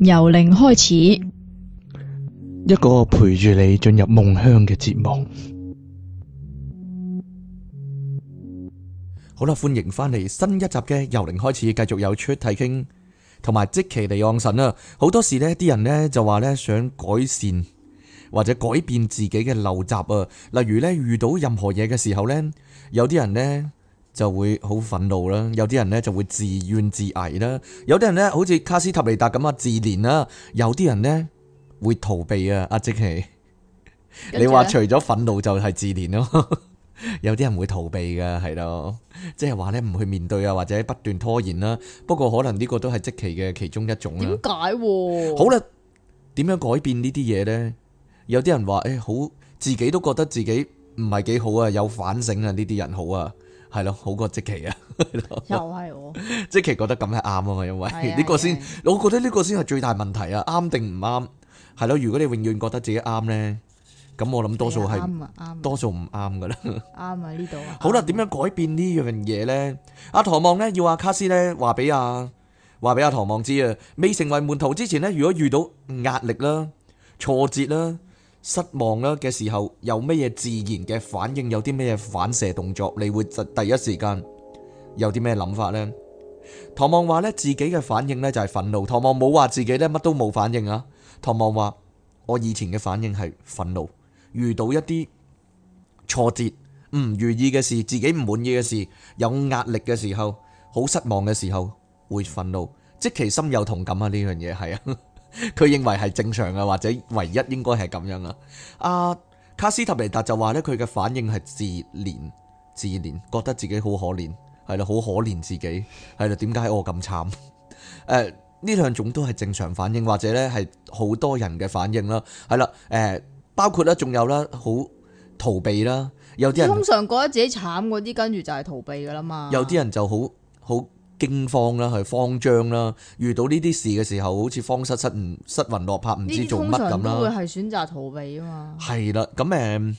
由零開始，一個陪住你進入夢鄉嘅節目。好啦，歡迎翻嚟新一集嘅由零開始，繼續有出題傾，同埋即其地盎神啊！好多時呢啲人呢，就話呢，想改善或者改變自己嘅陋習啊，例如呢，遇到任何嘢嘅時候呢，有啲人呢。就會好憤怒啦，有啲人呢，就會自怨自艾啦，有啲人呢，好似卡斯塔尼達咁啊，自憐啦。有啲人呢，會逃避啊，阿積奇，你話除咗憤怒就係自憐咯。有啲人會逃避噶，係、啊、咯此， 即係話呢，唔去面對啊，或者不斷拖延啦。不過可能呢個都係積奇嘅其中一種啊。點解何？好啦，點樣改變呢啲嘢呢？有啲人話誒、欸，好，自己都覺得自己唔係幾好啊，有反省啊，呢啲人好啊。係咯，好過即奇啊！ 又係喎， 即奇覺得咁係啱啊嘛，因為呢 對個先，我覺得呢個先係最大問題啊！啱定唔啱？係咯，如果你永遠覺得自己啱咧，咁我諗多數係，多數唔啱噶啦。啱啊，呢度啊。 好啦，點了樣改變呢樣嘢咧？了阿唐望咧要阿卡斯咧話俾阿話俾阿唐望知啊！未成為門徒之前咧，如果遇到壓力啦、挫折啦、失望啊嘅時候，有咩嘢自然嘅反應？有啲咩嘢反射動作？你會第一時間有啲咩嘢諗法呢？唐望話呢，自己嘅反應呢就係憤怒。唐望冇話自己呢乜都冇反應啊。唐望話我以前嘅反應係憤怒，遇到一啲挫折、唔如意嘅事、自己唔滿意嘅事、有壓力嘅時候、好失望嘅時候會憤怒。即其心有同感啊！呢樣嘢係啊。佢認為係正常嘅，或者唯一應該係咁樣啊！阿卡斯塔尼達就話咧，佢嘅反應係自憐自憐，覺得自己好可憐，係啦，好可憐自己，係啦，點解我咁慘？誒、啊，呢兩種都係正常反應，或者咧係好多人嘅反應啦，係啦，誒、啊，包括啦，仲有啦，好逃避啦，有啲人通常覺得自己慘嗰啲，跟住就係逃避噶啦嘛，有啲人就好好。驚慌啦，係慌張啦。遇到呢啲事嘅時候，好似慌失失，唔失魂落魄，唔知做乜咁啦。呢啲通常都會係選擇逃避啊嘛。係啦，咁誒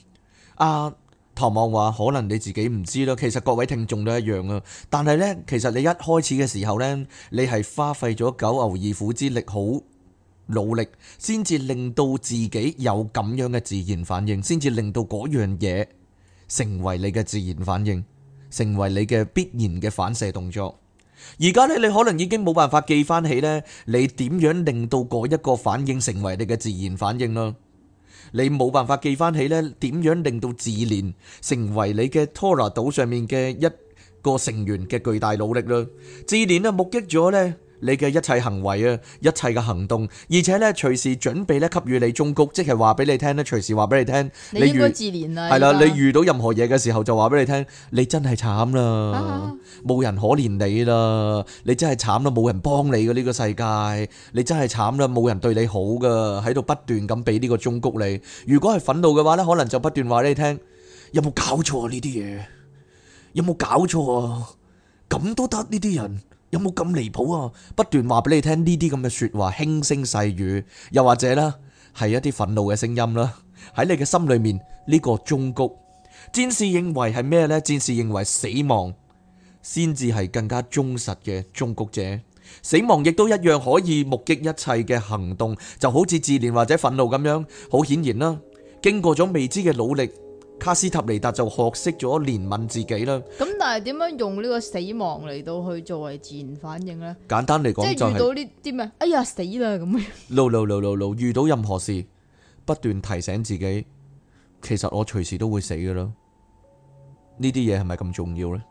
阿唐望話，可能你自己唔知咯。其實各位聽眾都一樣啊。但係呢，其實你一開始嘅時候呢，你係花費咗九牛二虎之力，好努力先至令到自己有咁樣嘅自然反應，先至令到嗰樣嘢成為你嘅自然反應，成為你嘅必然嘅反射動作。而家咧，你可能已經冇辦法記翻起咧，你點樣令到嗰一個反應成為你嘅自然反應啦？你冇辦法記翻起咧，點樣令到自憐成為你嘅 t o 托勒島上面嘅一個成員嘅巨大努力啦？自憐啊，目擊咗咧。你嘅一切行為啊，一切嘅行動，而且咧隨時準備咧給予你忠告，即係話俾你聽咧，隨時話俾你聽。你應該自憐啦。係啦的，在你遇到任何嘢嘅時候就話俾你聽，你真係慘啦，冇哈人可憐你啦，你真係慘啦，冇人幫你嘅呢、這個世界，你真係慘啦，冇人對你好噶，喺度不斷咁俾呢個忠告你。如果係憤怒嘅話咧，可能就不斷話俾你聽，有冇搞錯啊呢啲嘢？有冇搞錯啊？咁都得呢啲人？有冇咁離譜啊？不斷話俾你聽呢啲咁嘅說話，輕聲細語，又或者咧係一啲憤怒嘅聲音啦。喺你嘅心裏面，呢、這個忠告，戰士認為係咩呢？戰士認為死亡先至係更加忠實嘅忠告者，死亡亦都一樣可以目擊一切嘅行動，就好似自憐或者憤怒咁樣。好顯然啦，經過咗未知嘅努力。卡斯塔尼達就學識咗憐憫自己啦。咁但係點樣用呢個死亡嚟到，去作為自然反應呢？簡單嚟講，即係遇到呢啲咩？哎呀死啦咁樣。嚕嚕嚕嚕嚕，遇到任何事，不斷提醒自己，其實我隨時都會死㗎咯。呢啲嘢係咪咁重要呢？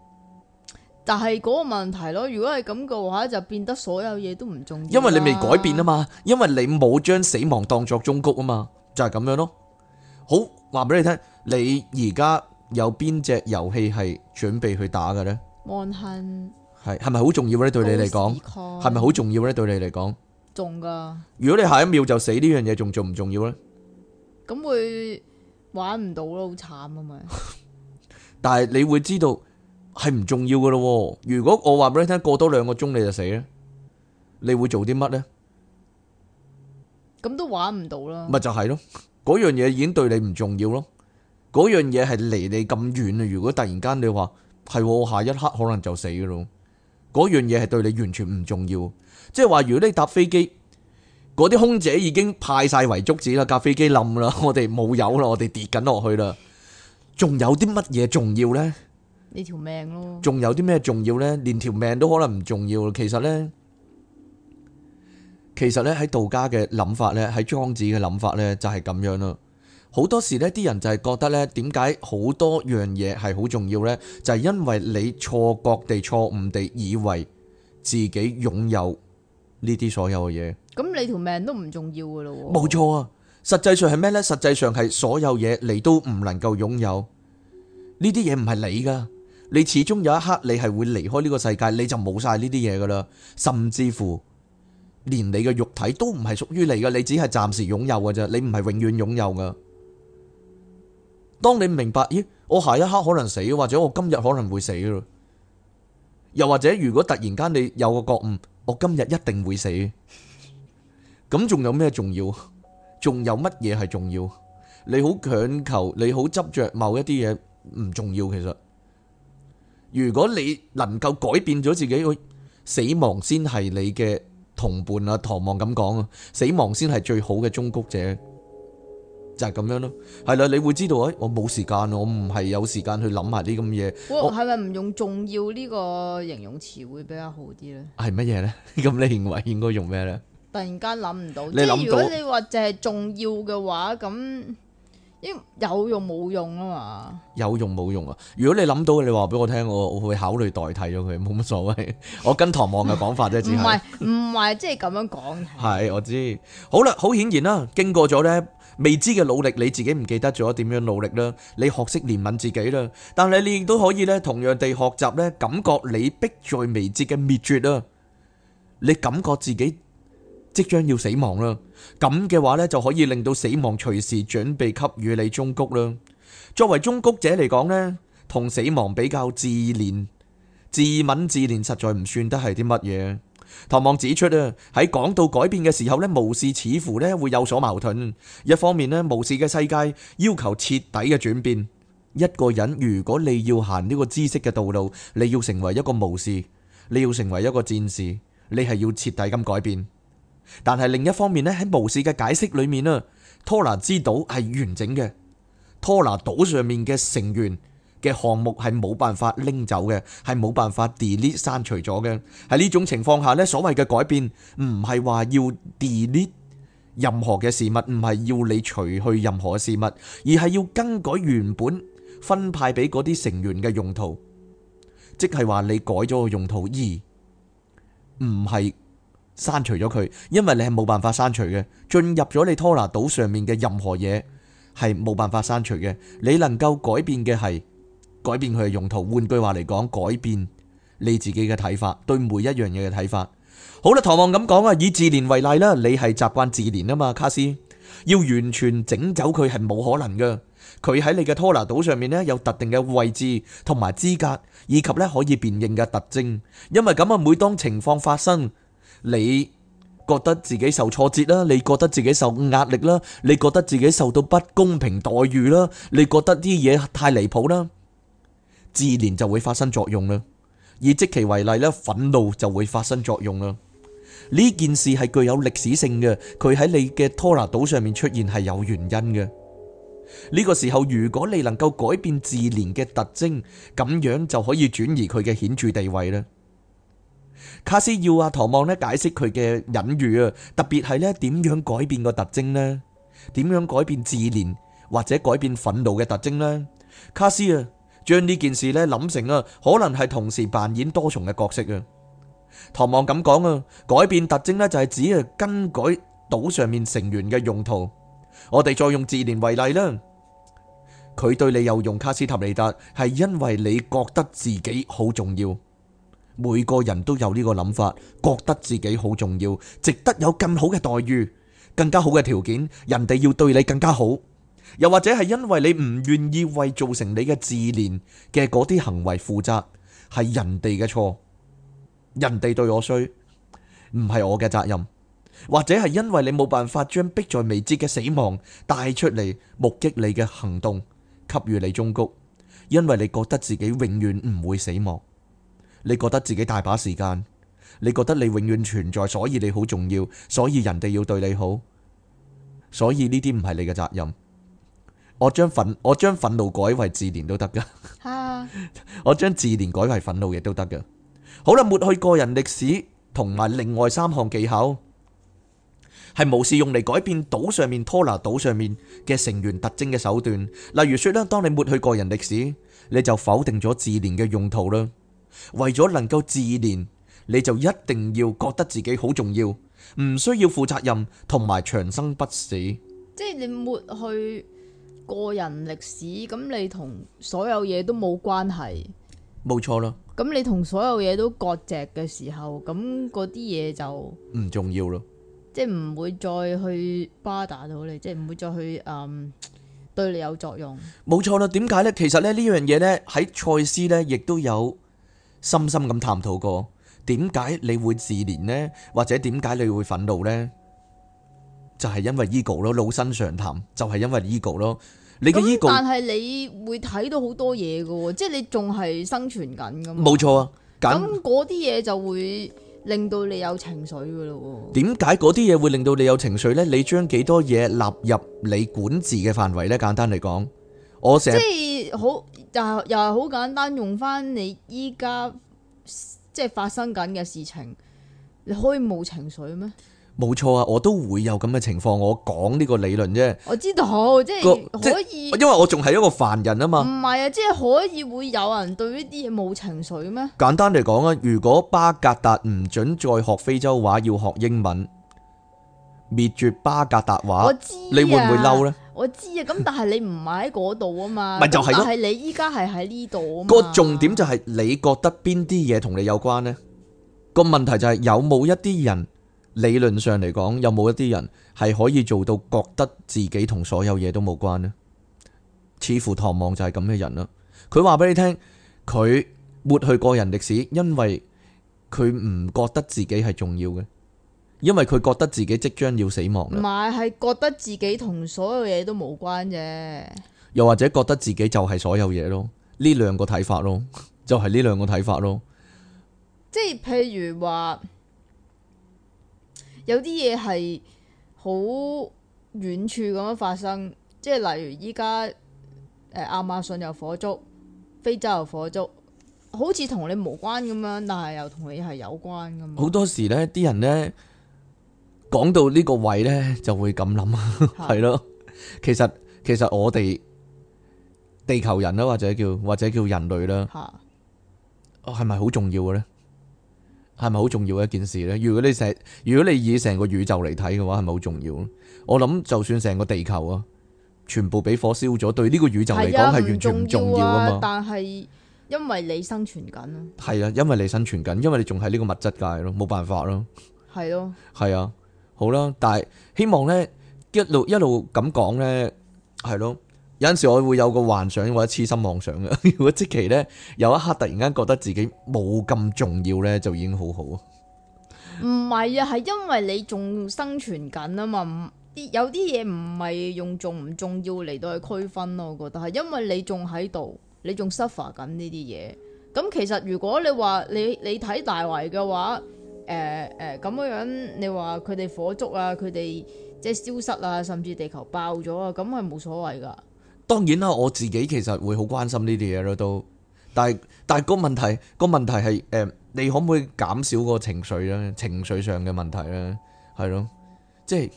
但係嗰個問題咯，如果係咁嘅話，就變得所有嘢都唔重要。因為你未改變啊嘛，因為你冇將死亡當作終局啊嘛，就係咁樣咯。好，話俾你聽，你而家有邊隻遊戲係準備去打嘅咧？亡痕係係咪好重要咧？對你嚟講係咪好重要咧？對你嚟講，重噶。如果你下一秒就死呢樣嘢，仲重唔重要咧？咁會玩唔到咯，好慘啊嘛！但係你會知道係唔重要噶咯！如果我話俾你聽，過多兩個鐘你就死咧，你會做啲乜咧？咁都玩唔到啦。咪就係咯。嗰樣嘢已經對你唔重要咯，嗰樣嘢係離你咁遠啊！如果突然間你話係我下一刻可能就死噶咯，嗰樣嘢係對你完全唔重要。即係話如果你搭飛機，嗰啲空姐已經派晒遺囑紙啦，架飛機冧啦，我哋冇有啦，我哋跌緊落去啦，仲有啲乜嘢重要咧？呢條命咯？仲有啲咩重要咧？連條命都可能唔重要。其實咧。其實咧，喺道家嘅諗法咧，喺莊子嘅諗法咧就係咁樣咯。好多時呢啲人就係覺得呢，點解好多樣嘢係好重要呢？就係因為你錯覺地、錯誤地以為自己擁有呢啲所有嘅嘢。咁你條命都唔重要噶咯？冇錯啊！實際上係咩呢？實際上係所有嘢你都唔能夠擁有。呢啲嘢唔係你噶，你始終有一刻你係會離開呢個世界，你就冇晒呢啲嘢噶啦，甚至乎。連你嘅肉體都唔係屬於你嘅，你只係暫時擁有嘅啫，你唔係永遠擁有噶。當你唔明白，咦？我下一刻可能死，或者我今日可能會死咯。又或者如果突然間你有個覺悟，我今日一定會死，咁仲有咩重要？仲有乜嘢係重要？你好強求，你好執着某一啲嘢唔重要。其實，如果你能夠改變咗自己，死亡先係你嘅。同伴啊，唐望咁講啊，死亡先係最好嘅忠告者，就係咁樣咯，係啦，你會知道，誒，我冇時間，我唔係有時間去諗下啲咁嘢。我係咪唔用重要呢個形容詞會比較好啲咧？係乜嘢咧？咁你認為應該用咩咧？突然間諗唔到，即係如果你話淨係重要嘅話，咁。有用冇用啊嘛？有用冇用啊？如果你諗到，你話俾我聽，我我會考慮代替咗佢，冇乜所謂。我跟唐望嘅講法啫，唔係唔係即係咁樣講？係我知。好啦，好顯然啦，經過咗咧未知嘅努力，你自己唔記得咗點樣努力啦，你學識憐憫自己啦。但係你亦都可以咧，同樣地學習咧，感覺你迫在眉睫嘅滅絕啦，你感覺自己。即將要死亡啦，咁嘅話咧就可以令到死亡隨時準備給予你忠告啦。作為忠告者嚟講咧，同死亡比較自憐自敏自憐，實在唔算得係啲乜嘢。唐望指出啊，喺講到改變嘅時候咧，巫士似乎咧會有所矛盾。一方面咧，巫士嘅世界要求徹底嘅轉變。一個人如果你要行呢個知識嘅道路，你要成為一個巫士，你要成為一個戰士，你係要徹底咁改變。但係另一方面咧，喺無視嘅解釋裏面啊，托納之島係完整嘅。托納島上面嘅成員嘅項目係冇辦法拎走嘅，係冇辦法 delete 刪除咗嘅。喺呢種情況下咧，所謂嘅改變唔係話要 delete 任何嘅事物，唔係要你除去任何事物，而係要更改原本分派俾嗰啲成員嘅用途，即係話你改咗個用途，而唔係。刪除咗佢，因為你係冇辦法刪除嘅。進入咗你拖拿島上面嘅任何嘢係冇辦法刪除嘅。你能夠改變嘅係改變佢嘅用途。換句話嚟講，改變你自己嘅睇法，對每一樣嘢嘅睇法。好啦，唐望咁講啊，以自憐為例啦，你係習慣自憐啊嘛，卡斯要完全整走佢係冇可能㗎。佢喺你嘅拖拿島上面呢，有特定嘅位置同埋資格，以及呢可以辨認嘅特徵。因為咁啊，每當情況發生，你覺得自己受挫折啦，你覺得自己受壓力啦，你覺得自己受到不公平待遇啦，你覺得啲嘢太離譜啦，自憐就會發生作用啦。以積其為例咧，憤怒就會發生作用啦。呢件事係具有歷史性嘅，佢喺你嘅拖拿島上面出現係有原因嘅。呢個時候，如果你能夠改變自憐嘅特徵，咁樣就可以轉移佢嘅顯著地位啦。卡斯要阿唐望咧解釋佢嘅隱喻啊，特別係咧點樣改變個特徵呢？點樣改變自憐或者改變憤怒嘅特徵呢？卡斯啊，將呢件事咧諗成啊，可能係同時扮演多重嘅角色啊。唐望咁講啊，改變特徵咧就係指啊，更改島上面成員嘅用途。我哋再用自憐為例啦，佢對你有用卡斯塔尼達，係因為你覺得自己好重要。每個人都有呢個諗法，覺得自己好重要，值得有更好嘅待遇，更加好嘅條件，人哋要對你更加好。又或者係因為你唔願意為造成你嘅自憐嘅嗰啲行為負責，係人哋嘅錯，人哋對我衰，唔係我嘅責任。或者係因為你冇辦法將迫在眉睫嘅死亡帶出嚟，目擊你嘅行動，給予你忠告，因為你覺得自己永遠唔會死亡。你覺得自己大把時間，你覺得你永遠存在，所以你好重要，所以人哋要對你好，所以呢啲唔係你嘅責任。我將憤我將憤怒改為自憐都得噶， 我將自憐改為憤怒亦都得噶。好啦，抹去個人歷史同埋另外三項技巧係無事用嚟改變島上面拖拿島上面嘅成員特徵嘅手段，例如說咧，當你抹去個人歷史，你就否定咗自憐嘅用途啦。為咗能夠自憐，你就一定要覺得自己好重要，唔需要負責任同埋長生不死。即係你抹去個人歷史，咁你同所有嘢都冇關係。冇錯啦。咁你同所有嘢都割席嘅時候，咁嗰啲嘢就唔重要咯。即係唔會再去巴打到你，即係唔會再去嗯對你有作用。冇錯啦。點解呢？其實呢呢樣嘢呢喺賽斯呢亦都有。深深咁探討過，點解你會自憐呢？或者點解你會憤怒呢？就係因為 ego 咯，老生常談就係因為 ego 咯。你嘅 ego 但係你會睇到好多嘢噶喎，即係你仲係生存緊咁。冇錯啊，咁嗰啲嘢就會令到你有情緒噶咯。點解嗰啲嘢會令到你有情緒呢？你將幾多嘢納入你管治嘅範圍呢？簡單嚟講。我即係好，又係又係好簡單，用翻你依家即係發生緊嘅事情，你可以冇情緒咩？冇錯啊，我都會有咁嘅情況，我講呢個理論啫。我知道，即係可以，因為我仲係一個凡人啊嘛。唔係啊，即係可以會有人對呢啲嘢冇情緒咩？簡單嚟講啊，如果巴格達唔准再學非洲話，要學英文，滅絕巴格達話，啊、你會唔會嬲呢？我知啊，咁但係你唔係喺嗰度啊嘛，咪就係囉，但係你依家係喺呢度啊嘛。個重點就係你覺得邊啲嘢同你有關呢？個問題就係有冇一啲人理論上嚟講，有冇一啲人係可以做到覺得自己同所有嘢都冇關呢？似乎唐望就係咁嘅人啦。佢話俾你聽，佢抹去個人歷史，因為佢唔覺得自己係重要嘅。因為佢覺得自己即將要死亡，唔係係覺得自己同所有嘢都無關啫。又或者覺得自己就係所有嘢咯，呢兩個睇法咯，就係呢兩個睇法咯。即係譬如話，有啲嘢係好遠處咁樣發生，即係例如依家誒亞馬遜又火燭，非洲又火燭，好似同你無關咁樣，但係又同你係有關噶嘛。好多時呢啲人呢。講到呢個位呢，就會咁諗，係 咯。其實其實我哋地球人啦，或者叫或者叫人類啦，係咪好重要嘅咧？係咪好重要嘅一件事呢？如果你成，如果你以成個宇宙嚟睇嘅話，係咪好重要？我諗就算成個地球啊，全部俾火燒咗，對呢個宇宙嚟講係完全唔重，重要啊嘛。但係因為你生存緊啊，係啊，因為你生存緊，因為你仲喺呢個物質界咯，冇辦法咯，係咯的，係啊。好啦，但係希望呢，一路一路咁講呢，係咯。有陣時我會有個幻想或者痴心妄想嘅。 如果即期呢，有一刻突然間覺得自己冇咁重要呢，就已經好好。唔係啊，係因為你仲生存緊啊嘛。啲有啲嘢唔係用重唔重要嚟到去區分咯。我覺得係因為你仲喺度，你仲 suffer 緊呢啲嘢。咁其實如果你話你你睇大圍嘅話。誒誒，咁、呃呃、樣樣，你話佢哋火燭啊，佢哋即係消失啊，甚至地球爆咗啊，咁係冇所謂噶。當然啦，我自己其實會好關心呢啲嘢咯，都，但係但係個問題，個問題係，誒，你可唔可以減少個情緒咧？情緒上嘅問題咧，係咯，即係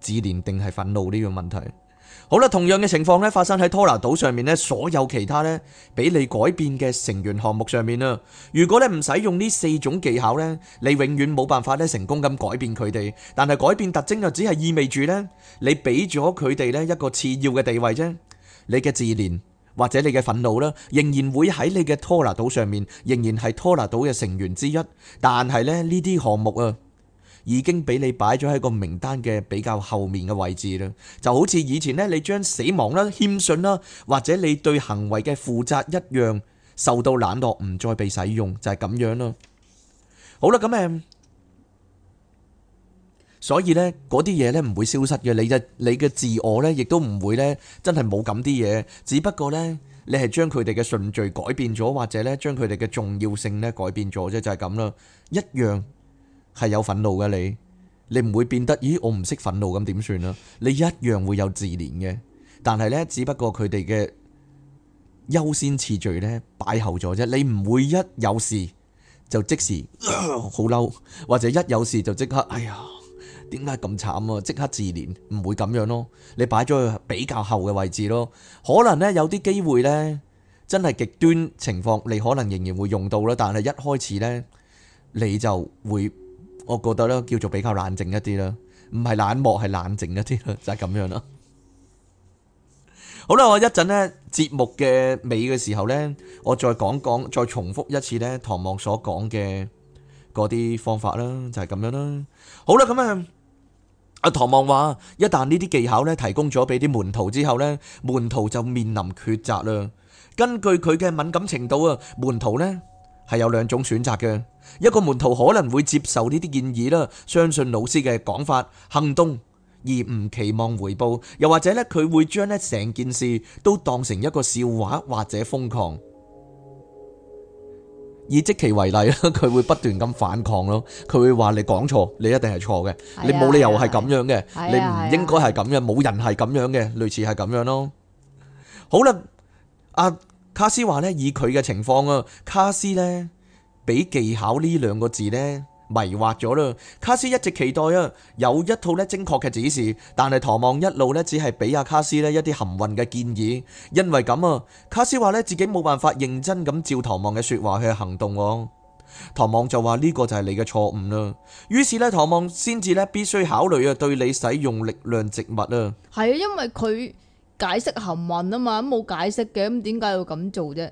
自憐定係憤怒呢個問題？那個問題好啦，同樣嘅情況咧，發生喺托拿島上面咧，所有其他咧俾你改變嘅成員項目上面啦。如果咧唔使用呢四種技巧咧，你永遠冇辦法咧成功咁改變佢哋。但係改變特徵就，只係意味住咧，你俾咗佢哋咧一個次要嘅地位啫。你嘅自憐或者你嘅憤怒啦，仍然會喺你嘅托拿島上面，仍然係托拿島嘅成員之一。但係咧呢啲項目啊。已經俾你擺咗喺個名單嘅比較後面嘅位置啦，就好似以前咧，你將死亡啦、謙遜啦，或者你對行為嘅負責一樣，受到冷落，唔再被使用，就係咁樣咯。好啦，咁誒，所以咧嗰啲嘢咧唔會消失嘅，你嘅你嘅自我咧亦都唔會咧真係冇咁啲嘢，只不過咧你係將佢哋嘅順序改變咗，或者咧將佢哋嘅重要性咧改變咗啫，就係咁啦，一樣。係有憤怒嘅你，你唔會變得，咦？我唔識憤怒咁點算啊？你一樣會有自憐嘅，但係呢，只不過佢哋嘅優先次序呢擺後咗啫。你唔會一有事就即時好嬲，或者一有事就即刻，哎呀，點解咁慘啊？即刻自憐，唔會咁樣咯。你擺咗去比較後嘅位置咯。可能呢有啲機會呢，真係極端情況，你可能仍然會用到啦。但係一開始呢，你就會。我覺得咧叫做比較冷靜一啲啦，唔係冷漠，係冷靜一啲啦，就係咁樣啦。好啦，我一陣咧節目嘅尾嘅時候咧，我再講講，再重複一次咧，唐望所講嘅嗰啲方法啦，就係咁樣啦。好啦，咁啊，阿唐望話，一旦呢啲技巧咧提供咗俾啲門徒之後咧，門徒就面臨抉擇啦。根據佢嘅敏感程度啊，門徒咧。係有兩種選擇嘅，一個門徒可能會接受呢啲建議啦，相信老師嘅講法，行動而唔期望回報，又或者呢佢會將呢成件事都當成一個笑話或者瘋狂。以積奇為例啦，佢會不斷咁反抗咯，佢會話你講錯，你一定係錯嘅，你冇理由係咁樣嘅，你唔應該係咁樣，冇人係咁樣嘅，類似係咁樣咯。好啦，啊。卡斯話咧，以佢嘅情況啊，卡斯咧俾技巧呢兩個字咧迷惑咗啦。卡斯一直期待啊有一套咧精確嘅指示，但係唐望一路咧只係俾阿卡斯咧一啲含混嘅建議，因為咁啊，卡斯話咧自己冇辦法認真咁照唐望嘅說話去行動。唐望就話呢個就係你嘅錯誤啦。於是咧，唐望先至咧必須考慮啊對你使用力量植物啊。係啊，因為佢。解釋含混啊嘛，咁冇解釋嘅，咁點解要咁做啫？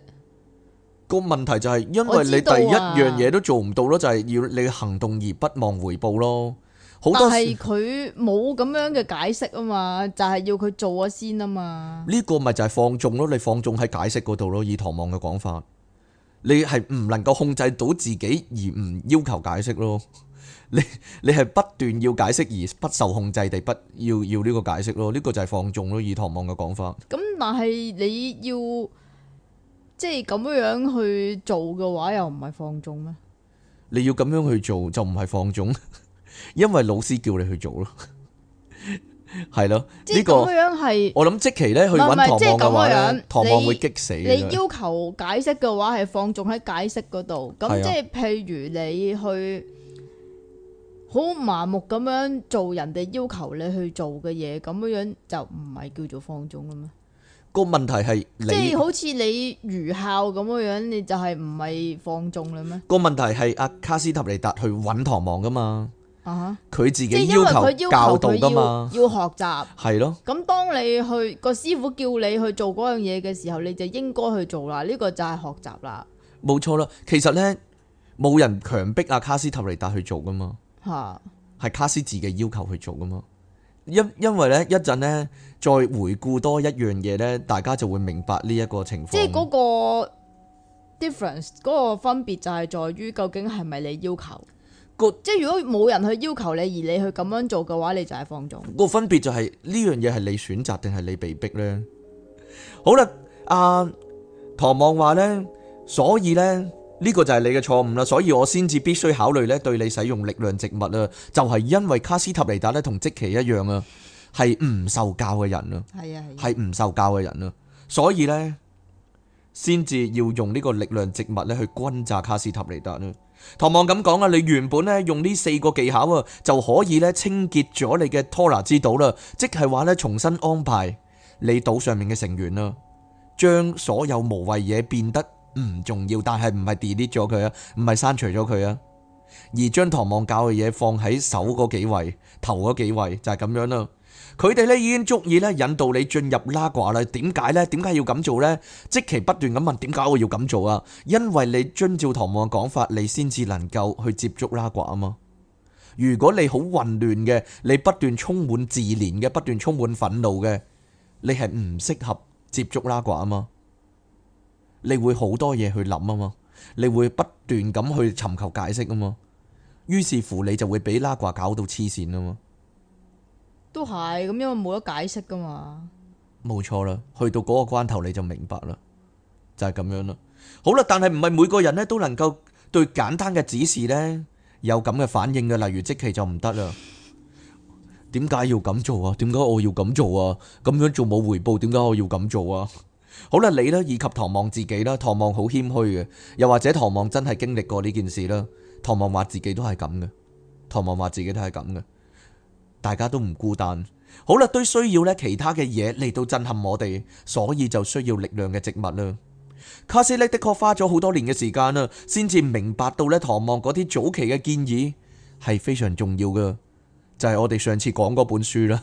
個問題就係因為你第一樣嘢都做唔到咯，就係要你行動而不忘回報咯。好多時，但係佢冇咁樣嘅解釋啊嘛，就係要佢做啊先啊嘛。呢個咪就係放縱咯，你放縱喺解釋嗰度咯，以唐望嘅講法，你係唔能夠控制到自己而唔要求解釋咯。你你係不斷要解釋而不受控制地，不要要呢個解釋咯，呢個就係放縱咯，以唐望嘅講法。咁但係你要即係咁樣去做嘅話，又唔係放縱咩？你要咁樣去做就唔係放縱，因為老師叫你去做咯，係咯？呢個樣係我諗即期咧去揾唐望嘅話，唐望會激死。你要求解釋嘅話係放縱喺解釋嗰度，咁即係譬如你去。好麻木咁樣做人哋要求你去做嘅嘢，咁樣樣就唔係叫做放縱吖嘛？個問題係即係好似你愚孝咁樣樣，你就係唔係放縱啦咩？個問題係阿卡斯塔尼達去搵唐望噶嘛？啊，佢自己要求教導噶嘛？要學習，係咯。咁當你去個師傅叫你去做嗰樣嘢嘅時候，你就應該去做啦。呢個就係學習啦。冇錯啦。其實呢，冇人強迫阿卡斯塔尼達去做噶嘛。吓，係卡斯自己要求去做噶嘛？因因為咧，一陣咧再回顧多一樣嘢咧，大家就會明白呢一個情況。即係嗰個 difference，嗰個分別就係在於究竟係咪你要求？那即係如果冇人去要求你，而你去咁樣做嘅話，你就係放縱。個分別就係呢樣嘢係你選擇定係你被逼咧？好啦，阿、啊、唐望話咧，所以咧。呢個就係你嘅錯誤啦，所以我先至必須考慮咧對你使用力量植物啊，就係、是、因為卡斯塔尼達咧同積奇一樣啊，係唔受教嘅人啊，係唔受教嘅人啊，所以呢，先至要用呢個力量植物咧去轟炸卡斯塔尼達啊。唐望咁講啊，你原本咧用呢四個技巧啊，就可以咧清潔咗你嘅托拿之島啦，即係話咧重新安排你島上面嘅成員啦，將所有無謂嘢變得唔重要，但係唔係 delete 咗佢啊，唔係刪除咗佢啊，而將唐望教嘅嘢放喺首嗰幾位、頭嗰幾位就係咁樣啦。佢哋呢已經足以呢引導你進入拉卦啦。點解呢？點解要咁做呢？即其不斷咁問點解我要咁做啊？因為你遵照唐望嘅講法，你先至能夠去接觸拉卦啊嘛。如果你好混亂嘅，你不斷充滿自憐嘅，不斷充滿憤怒嘅，你係唔適合接觸拉卦啊嘛。你會好多嘢去諗啊嘛，你會不斷咁去尋求解釋啊嘛，於是乎你就會俾拉掛搞到黐線啊嘛，都係咁，因為冇得解釋噶嘛，冇錯啦，去到嗰個關頭你就明白啦，就係咁樣啦，好啦，但係唔係每個人呢都能夠對簡單嘅指示呢有咁嘅反應嘅，例如積奇就唔得啦，點解要咁做啊？點解我要咁做啊？咁樣做冇回報，點解我要咁做啊？好啦，你呢？以及唐望自己啦，唐望好謙虛嘅，又或者唐望真係經歷過呢件事啦。唐望話自己都係咁嘅，唐望話自己都係咁嘅，大家都唔孤單。好啦，都需要呢其他嘅嘢嚟到震撼我哋，所以就需要力量嘅植物啦。卡斯呢，的確花咗好多年嘅時間啦，先至明白到呢唐望嗰啲早期嘅建議係非常重要嘅，就係我哋上次講嗰本書啦。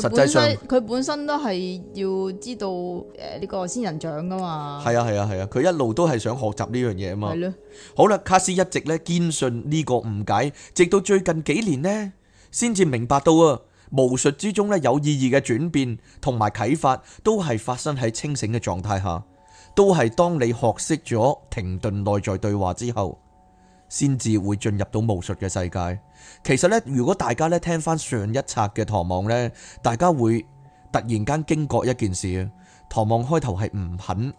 實際上佢本，本身都係要知道誒呢個仙人掌噶嘛。係啊係啊係啊，佢、啊啊、一路都係想學習呢樣嘢啊嘛，的好啦，卡斯一直咧堅信呢個誤解，直到最近幾年呢，先至明白到啊，巫術之中咧有意義嘅轉變同埋啟發都係發生喺清醒嘅狀態下，都係當你學識咗停頓內在對話之後。先至會進入到巫術嘅世界。其實呢，如果大家咧聽翻上一冊嘅唐望呢，大家會突然間驚覺一件事啊！唐望開頭係唔肯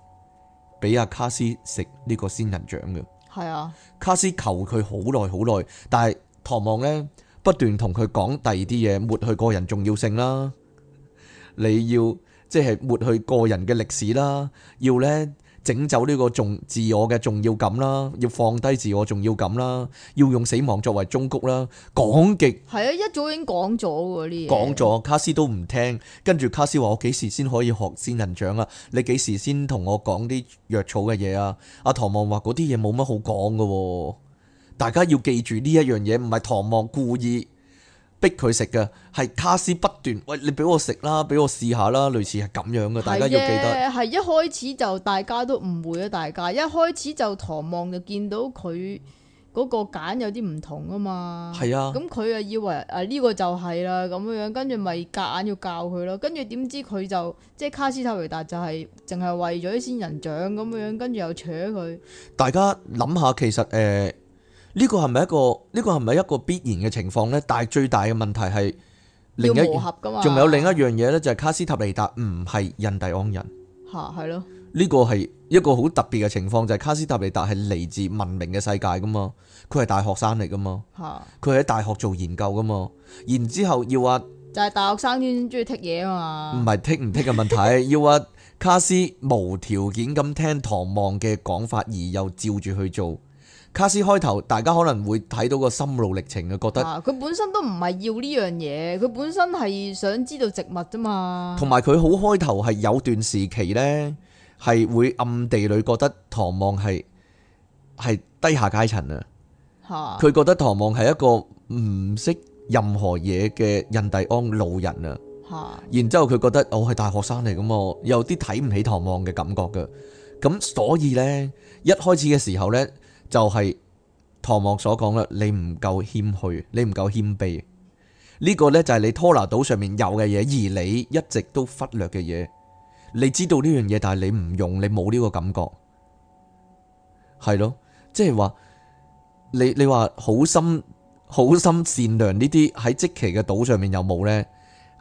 俾阿卡斯食呢個仙人掌嘅。係啊，卡斯求佢好耐好耐，但係唐望呢，不斷同佢講第二啲嘢，抹去個人重要性啦。你要即係抹去個人嘅歷史啦，要呢。整走呢個重自我嘅重要感啦，要放低自我重要感啦，要用死亡作為忠告啦，講極係啊，一早已經講咗喎啲嘢，講咗卡斯都唔聽，跟住卡斯話我幾時先可以學仙人掌啊？你幾時先同我講啲藥草嘅嘢啊？阿、啊、唐望話嗰啲嘢冇乜好講嘅喎，大家要記住呢一樣嘢，唔係唐望故意。逼佢食嘅係卡斯不斷，喂你俾我食啦，俾我試下啦，類似係咁樣嘅，的大家要記得。係一開始就大家都誤會啊，大家一開始就唐望就見到佢嗰個揀有啲唔同啊嘛。係的啊，咁佢啊以為啊呢個就係啦咁樣，跟住咪夾硬要教佢咯。跟住點知佢就即係卡斯特維達就係淨係為咗啲仙人掌咁樣，跟住又扯佢。大家諗下，其實誒。呃呢個係咪一個？呢、這個係咪一個必然嘅情況呢？但係最大嘅問題係另一，仲有另一樣嘢呢，就係、是、卡斯塔利達唔係印第安人嚇，係咯、啊？呢個係一個好特別嘅情況，就係、是、卡斯塔利達係嚟自文明嘅世界噶嘛，佢係大學生嚟噶嘛嚇，佢喺、啊、大學做研究噶嘛，然之後要話就係大學生先中意剔嘢啊嘛，唔係剔唔剔嘅問題， 要話卡斯無條件咁聽唐望嘅講法，而又照住去做。卡斯開頭，大家可能會睇到個心路歷程啊，覺得佢、啊、本身都唔係要呢樣嘢，佢本身係想知道植物啫嘛。同埋佢好開頭係有段時期呢，係會暗地裏覺得唐望係係低下階層啊。佢覺得唐望係一個唔識任何嘢嘅印第安老人啊。然之後佢覺得我係、哦、大學生嚟噶嘛，有啲睇唔起唐望嘅感覺噶。咁所以呢，一開始嘅時候呢。就係唐望所講啦，你唔夠謙虛，你唔夠謙卑，呢個呢，就係你拖拿島上面有嘅嘢，而你一直都忽略嘅嘢。你知道呢樣嘢，但係你唔用，你冇呢個感覺，係咯？即係話你你話好心好心善良呢啲喺積奇嘅島上面有冇呢？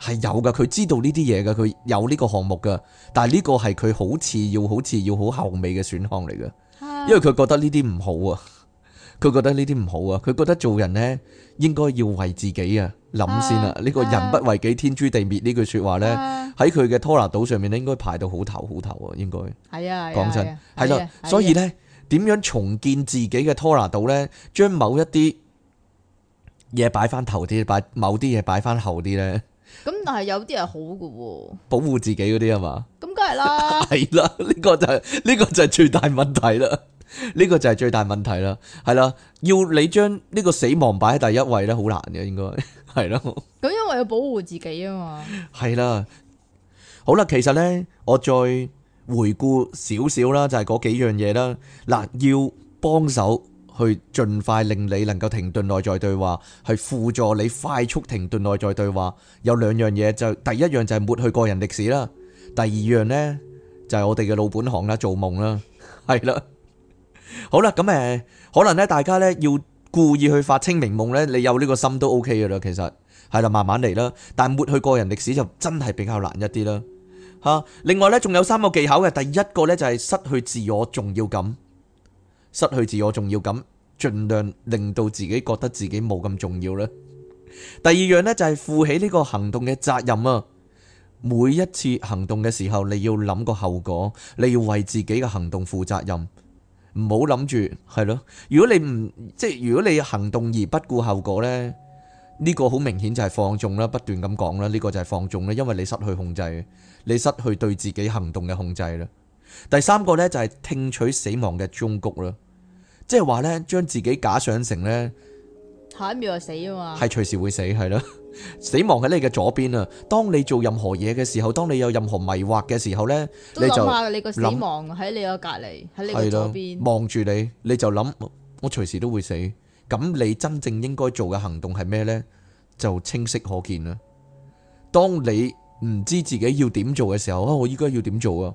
係有噶，佢知道呢啲嘢噶，佢有呢個項目噶，但係呢個係佢好似要好似要好後尾嘅選項嚟嘅。因為佢覺得呢啲唔好啊，佢覺得呢啲唔好啊，佢覺得做人呢，應該要為自己啊諗先啊，呢、啊呢個人不為己天誅地滅呢句說話呢，喺佢嘅拖拿島上面咧應該排到好頭好頭啊。應該係啊，講真係啦，所以呢，點樣重建自己嘅拖拿島呢？將某一啲嘢擺翻頭啲，某擺某啲嘢擺翻後啲呢。咁但係有啲係好嘅喎，啊，保護自己嗰啲啊嘛？咁梗係啦，係啦，呢、 呢個就係、是、呢、呢個就係最大問題啦，呢 個就係最大問題啦，係 啦，要你將呢個死亡擺喺第一位咧，好難嘅，應該係咯。咁 了因為要保護自己啊嘛，係啦， 好啦，其實咧，我再回顧少少啦，就係嗰幾樣嘢啦，嗱，要幫手。去盡快令你能夠停頓內在對話，去輔助你快速停頓內在對話。有兩樣嘢，就第一樣就係抹去個人歷史啦，第二樣咧就係我哋嘅老本行啦，做夢啦，係啦。好啦，咁誒，可能咧大家咧要故意去發清明夢咧，你有呢個心都 OK 嘅啦。其實係啦，慢慢嚟啦。但係抹去個人歷史就真係比較難一啲啦。嚇，另外咧仲有三個技巧嘅，第一個咧就係失去自我重要感。失去自我重要感，盡量令到自己覺得自己冇咁重要啦。第二樣呢就係負起呢個行動嘅責任啊！每一次行動嘅時候，你要諗個後果，你要為自己嘅行動負責任。唔好諗住係咯。如果你唔即係如果你行動而不顧後果呢，呢個好明顯就係放縱啦，不斷咁講啦，呢個就係放縱啦，因為你失去控制，你失去對自己行動嘅控制啦。第三個咧，就係聽取死亡嘅忠告啦，即係話咧，將自己假想成咧，下一秒就死啊嘛，係隨時會死係咯，死亡喺你嘅左邊啊。當你做任何嘢嘅時候，當你有任何迷惑嘅時候咧，想想你就你諗死亡喺你個隔籬，喺你個左邊望住你，你就諗我隨時都會死。咁你真正應該做嘅行動係咩咧？就清晰可見啦。當你唔知自己要點做嘅時候啊，我應該要點做啊？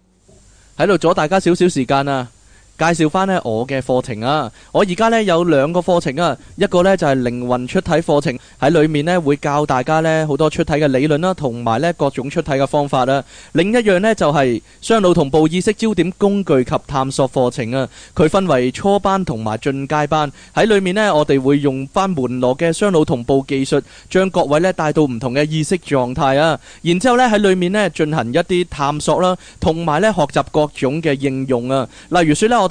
喺度阻大家少少時間啊！介紹翻呢我嘅課程啊！我而家呢有兩個課程啊，一個呢就係靈魂出體課程，喺裏面呢會教大家呢好多出體嘅理論啦，同埋呢各種出體嘅方法啊。另一樣呢就係雙腦同步意識焦點工具及探索課程啊。佢分為初班同埋進階班，喺裏面呢我哋會用翻門羅嘅雙腦同步技術，將各位呢帶到唔同嘅意識狀態啊。然之後呢喺裏面呢進行一啲探索啦，同埋呢學習各種嘅應用啊。例如説呢我。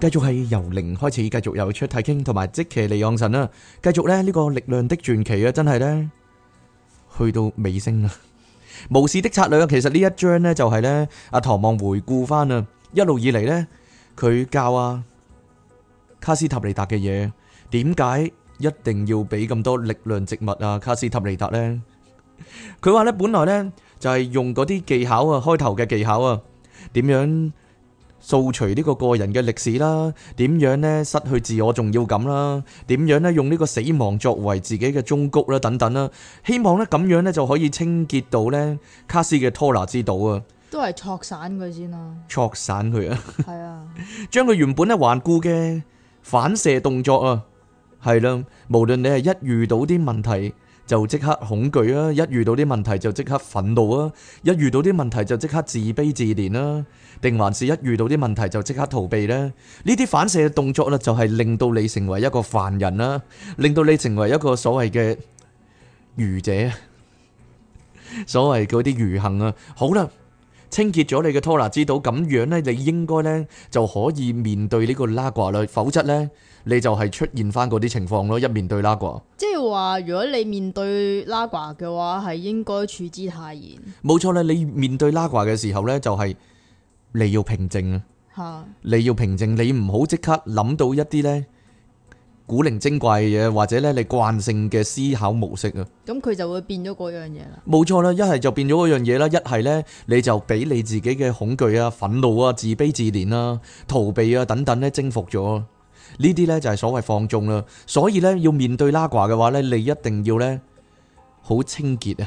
繼續係由零開始，繼續由出太鯨同埋即騎離岸神啦，繼續咧呢個力量的傳奇啊，真係咧去到尾聲啦。巫士的策略啊，其實呢一章咧就係咧阿唐望回顧翻啊，一路以嚟咧佢教阿卡斯塔尼達嘅嘢，點解一定要俾咁多力量植物啊？卡斯塔尼達咧，佢話咧本來咧就係用嗰啲技巧啊，開頭嘅技巧啊，點樣？掃除呢個個人嘅歷史啦，點樣咧失去自我重要感啦，點樣咧用呢個死亡作為自己嘅忠告啦，等等啦，希望咧咁樣咧就可以清潔到咧卡斯嘅托拿之島啊，都係戳散佢先啦，戳散佢啊，係啊，將佢原本咧頑固嘅反射動作啊，係啦，無論你係一遇到啲問題，就即刻恐懼啊！一遇到啲問題就即刻憤怒啊！一遇到啲問題就即刻自卑自憐啦，定還是一遇到啲問題就即刻逃避呢？呢啲反射嘅動作咧，就係令到你成為一個凡人啦，令到你成為一個所謂嘅愚者，所謂嗰啲愚行啊！好啦。清潔咗你嘅拖拿，知道，咁樣咧，你應該咧就可以面對呢個拉掛啦。否則咧，你就係出現翻嗰啲情況咯。一面對拉掛，即係話如果你面對拉掛嘅話，係應該處之泰然。冇錯啦，你面對拉掛嘅時候咧，就係你要平靜啊，你要平靜，你唔好即刻諗到一啲咧。古靈精怪嘅嘢，或者咧你慣性嘅思考模式啊，咁佢就會變咗嗰樣嘢啦。冇錯啦，一係就變咗嗰樣嘢啦，一係咧你就俾你自己嘅恐懼啊、憤怒啊、自卑自憐啊、逃避啊等等咧征服咗。呢啲咧就係所謂放縱啦。所以咧要面對拉掛嘅話咧，你一定要咧好清潔啊，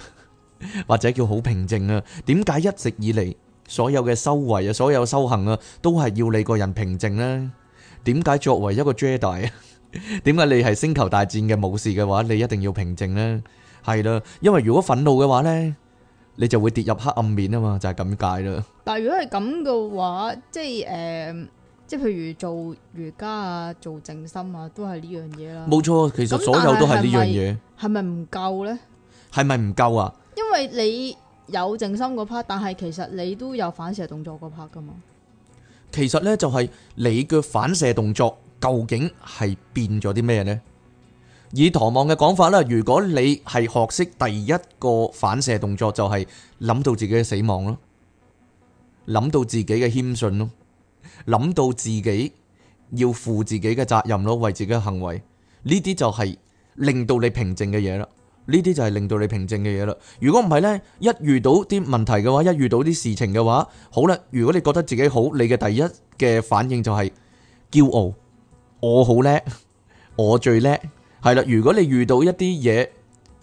或者叫好平靜啊。點解一直以嚟所有嘅修為啊、所有修行啊都係要你個人平靜咧？點解作為一個 Jedi？點解你係星球大戰嘅武士嘅話，你一定要平靜呢？係啦，因為如果憤怒嘅話呢，你就會跌入黑暗面啊嘛，就係咁解啦。但係如果係咁嘅話，即係誒，即係譬如做瑜伽啊，做靜心啊，都係呢樣嘢啦。冇錯，其實所有都係呢樣嘢。係咪唔夠呢？係咪唔夠啊？因為你有靜心嗰 part，但係其實你都有反射動作嗰 part 噶嘛。其實呢，就係你嘅反射動作。究竟係變咗啲咩呢？以唐望嘅講法咧，如果你係學識第一個反射動作，就係、是、諗到自己嘅死亡咯，諗到自己嘅謙遜咯，諗到自己要負自己嘅責任咯，為自己嘅行為，呢啲就係令到你平靜嘅嘢啦。呢啲就係令到你平靜嘅嘢啦。如果唔係呢，一遇到啲問題嘅話，一遇到啲事情嘅話，好啦，如果你覺得自己好，你嘅第一嘅反應就係驕傲。我好叻，我最叻，係啦。如果你遇到一啲嘢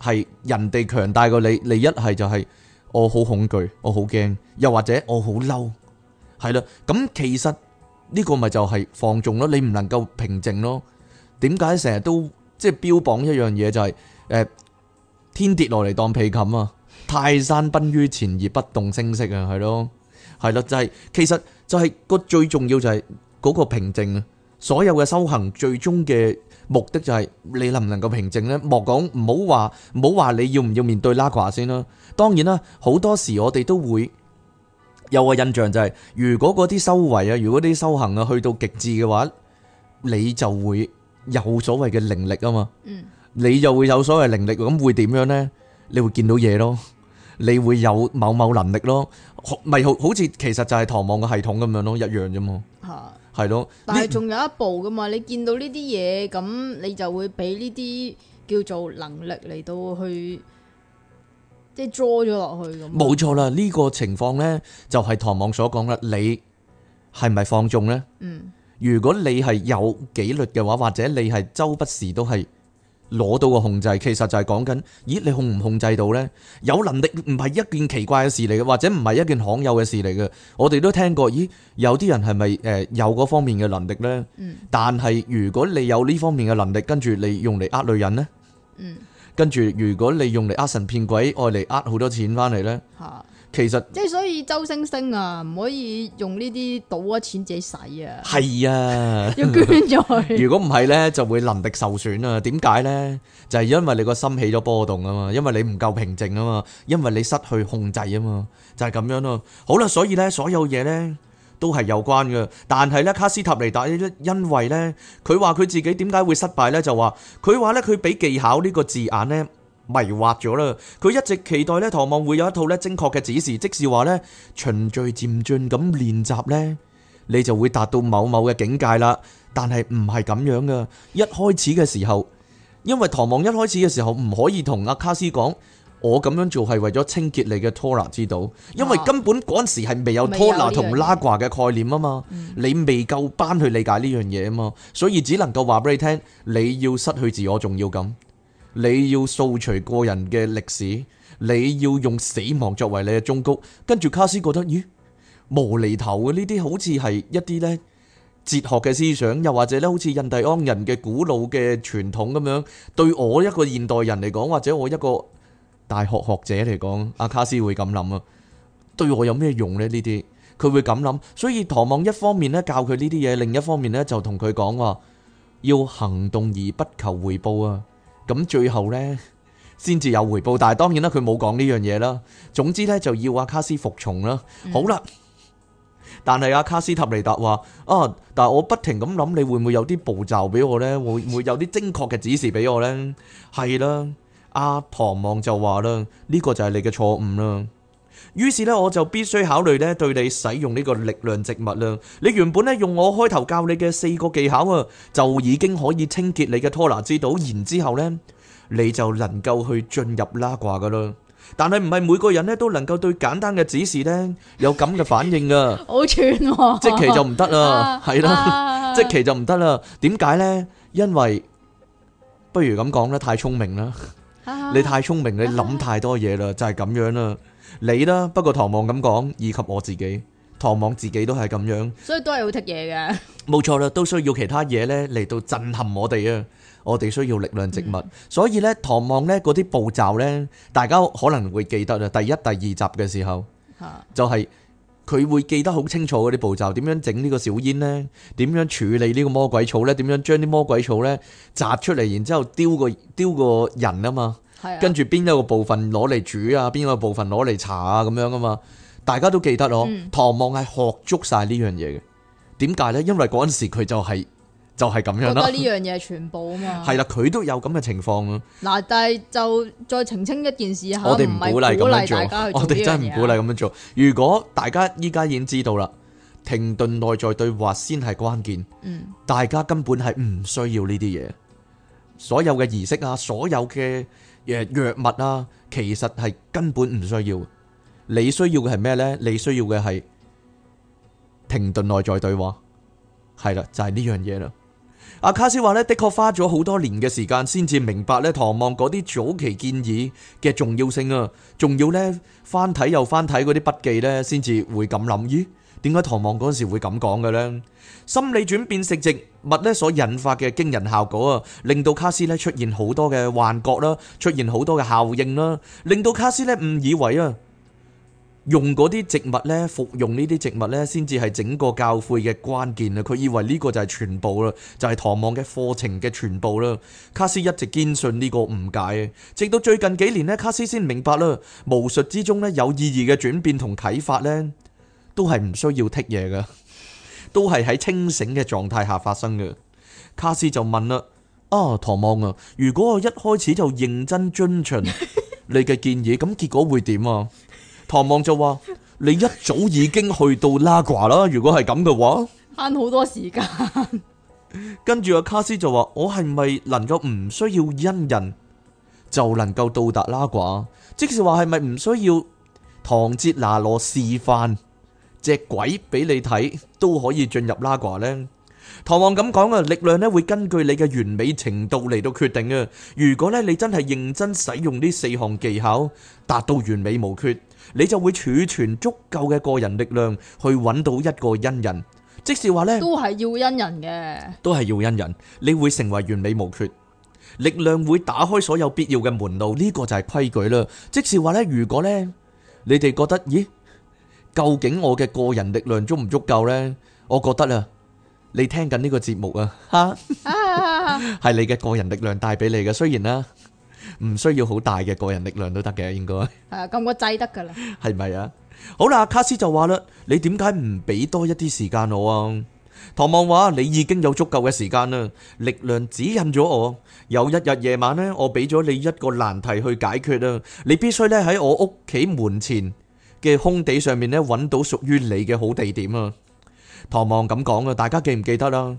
係人哋強大過你，你一係就係我好恐懼，我好驚，又或者我好嬲，係啦。咁其實呢個咪就係放縱咯，你唔能夠平靜咯。點解成日都即係標榜一樣嘢，就係、是、誒天跌落嚟當被冚啊，泰山崩於前而不動聲色啊，係咯，係啦，就係其實就係個最重要就係嗰個平靜啊。所有嘅修行最終嘅目的就係你能唔能夠平靜呢？莫講唔好話，唔好話你要唔要面對拉呱先啦。當然啦，好多時我哋都會有個印象就係，如果嗰啲修為啊，如果啲修行啊去到極致嘅話，你就會有所謂嘅靈力啊嘛。嗯，你就會有所謂靈力，咁會點樣呢？你會見到嘢咯，你會有某某能力咯，咪好好似其實就係唐望嘅系統咁樣咯，一樣啫嘛。係。係咯，但係仲有一步噶嘛？你見到呢啲嘢，咁你就會俾呢啲叫做能力嚟到去，即係捉咗落去咁。冇錯啦，呢個情況呢，就係唐望所講啦。你係咪放縱呢？嗯，如果你係有紀律嘅話，或者你係周不時都係。攞到個控制其實就係講緊，咦？你控唔控制到呢？有能力唔係一件奇怪嘅事嚟嘅，或者唔係一件罕有嘅事嚟嘅。我哋都聽過，咦？有啲人係咪誒有嗰方面嘅能力呢？但係如果你有呢方面嘅能力，跟住你用嚟呃女人呢？嗯。跟住如果你用嚟呃神騙鬼，愛嚟呃好多錢翻嚟呢。嚇。其實即係所以周星星啊，唔可以用呢啲賭嘅錢自己使啊。係啊，要捐咗去。如果唔係咧，就會能力受損啊。點解咧？就係因為你個心起咗波動啊嘛，因為你唔夠平靜啊嘛，因為你失去控制啊嘛，就係咁樣咯。好啦，所以咧，所有嘢咧都係有關嘅。但係咧，卡斯塔尼達因為咧，佢話佢自己點解會失敗咧？就話佢話咧，佢俾技巧呢個字眼咧，迷惑咗啦！佢一直期待咧，唐望會有一套咧正確嘅指示，即是話咧循序漸進咁練習咧，你就會達到某某嘅境界啦。但係唔係咁樣噶，一開始嘅時候，因為唐望一開始嘅時候唔可以同阿卡斯講，我咁樣做係為咗清潔你嘅 Tora 之道，因為根本陣時係未有 Tora 同拉 a 嘅概念啊嘛，嗯、你未夠班去理解呢樣嘢啊嘛，所以只能夠話俾你聽，你要失去自我重要感。你要掃除個人嘅歷史，你要用死亡作為你嘅忠告。跟住卡斯覺得咦，無厘頭嘅呢啲好似係一啲呢哲學嘅思想，又或者呢好似印第安人嘅古老嘅傳統咁樣。對我一個現代人嚟講，或者我一個大學學者嚟講，阿卡斯會咁諗啊？對我有咩用呢？呢啲佢會咁諗。所以唐望一方面呢教佢呢啲嘢，另一方面呢就同佢講話要行動而不求回報啊！咁最後呢，先至有回報，但係當然啦，佢冇講呢樣嘢啦。總之呢，就要阿卡斯服從啦。好啦，但係阿卡斯塔尼達話：，啊，但係我不停咁諗，你會唔會有啲步驟俾我呢？會唔會有啲精確嘅指示俾我呢？係啦，阿唐望就話啦，呢個就係你嘅錯誤啦。於是咧，我就必須考慮咧，對你使用呢個力量植物啦。你原本咧用我開頭教你嘅四個技巧啊，就已經可以清潔你嘅拖拿之島。然之後咧，你就能夠去進入拉掛噶啦。但係唔係每個人咧都能夠對簡單嘅指示咧有咁嘅反應噶？好串，即期就唔得啦，係啦，即期就唔得啦。點解咧？因為不如咁講啦，太聰明啦，你太聰明，你諗太多嘢啦，就係咁樣啦。你啦，不過唐望咁講，以及我自己，唐望自己都係咁樣，所以都係好剔嘢嘅，冇 錯啦，都需要其他嘢呢嚟到震撼我哋啊，我哋需要力量植物，嗯、所以呢，唐望呢嗰啲步驟呢，大家可能會記得啦，第一、第二集嘅時候，啊、就係佢會記得好清楚嗰啲步驟，點樣整呢個小煙呢？點樣處理呢個魔鬼草呢？點樣將啲魔鬼草呢摘出嚟，然之後丟個丟個人啊嘛。跟住邊一個部分攞嚟煮啊，邊個部分攞嚟查啊，咁樣噶嘛？大家都記得咯。唐望係學足晒呢樣嘢嘅，點解呢？因為嗰陣時佢就係就係咁樣啦。呢樣嘢全部啊嘛。係啦，佢都有咁嘅情況啊。嗱，但係就再澄清一件事，我哋唔鼓勵咁樣做，我哋真係唔鼓勵咁樣做。如果大家依家已經知道啦，停頓內在對話先係關鍵。嗯，大家根本係唔需要呢啲嘢，所有嘅儀式啊，所有嘅。誒，藥物啊，其實係根本唔需要。你需要嘅係咩呢？你需要嘅係停頓內在對話。係啦，就係呢樣嘢啦。阿卡斯話呢，的確花咗好多年嘅時間，先至明白呢唐望嗰啲早期建議嘅重要性啊，仲要呢翻睇又翻睇嗰啲筆記呢，先至會咁諗咦。點解唐望嗰陣時會咁講嘅呢？心理轉變，食植物咧所引發嘅驚人效果啊，令到卡斯咧出現好多嘅幻覺啦，出現好多嘅效應啦，令到卡斯咧誤以為啊，用嗰啲植物咧服用呢啲植物咧，先至係整個教誨嘅關鍵啊！佢以為呢個就係全部啦，就係唐望嘅課程嘅全部啦。卡斯一直堅信呢個誤解，直到最近幾年咧，卡斯先明白啦，巫術之中咧有意義嘅轉變同啟發咧。都係唔需要剔嘢嘅，都係喺清醒嘅狀態下發生嘅。卡斯就問啦：啊，唐望啊，如果我一開始就認真遵循你嘅建議，咁結果會點啊？唐望就話：你一早已經去到拉掛啦。如果係咁嘅話，慳好多時間。跟住阿卡斯就話：我係咪能夠唔需要恩人就能夠到達拉掛？即使話，係咪唔需要唐哲拿羅示範？隻鬼俾你睇都可以進入拉瓜呢。唐望咁講啊，力量呢，會根據你嘅完美程度嚟,到決定啊。如果呢你真係認真使用呢四項技巧，達到完美無缺，你就會儲存足夠嘅個人力量去揾到一個恩人。即是話呢，都係要恩人嘅，都係要恩人。你會成為完美無缺，力量會打開所有必要嘅門路。呢個就係規矩啦。即是話呢，如果呢你哋覺得咦？究竟我嘅個人力量足唔足夠咧？我覺得啊，你聽緊呢個節目啊，係你嘅個人力量帶俾你嘅。雖然啦，唔需要好大嘅個人力量都得嘅，應該係咁個制得噶啦，係咪啊？好啦，卡斯就話啦，你點解唔俾多一啲時間我啊？唐望話你已經有足夠嘅時間啦，力量指引咗我。有一日夜晚咧，我俾咗你一個難題去解決啊，你必須咧喺我屋企門前嘅空地上面揾到屬於你嘅好地點啊！唐望咁講啊，大家記唔記得啦？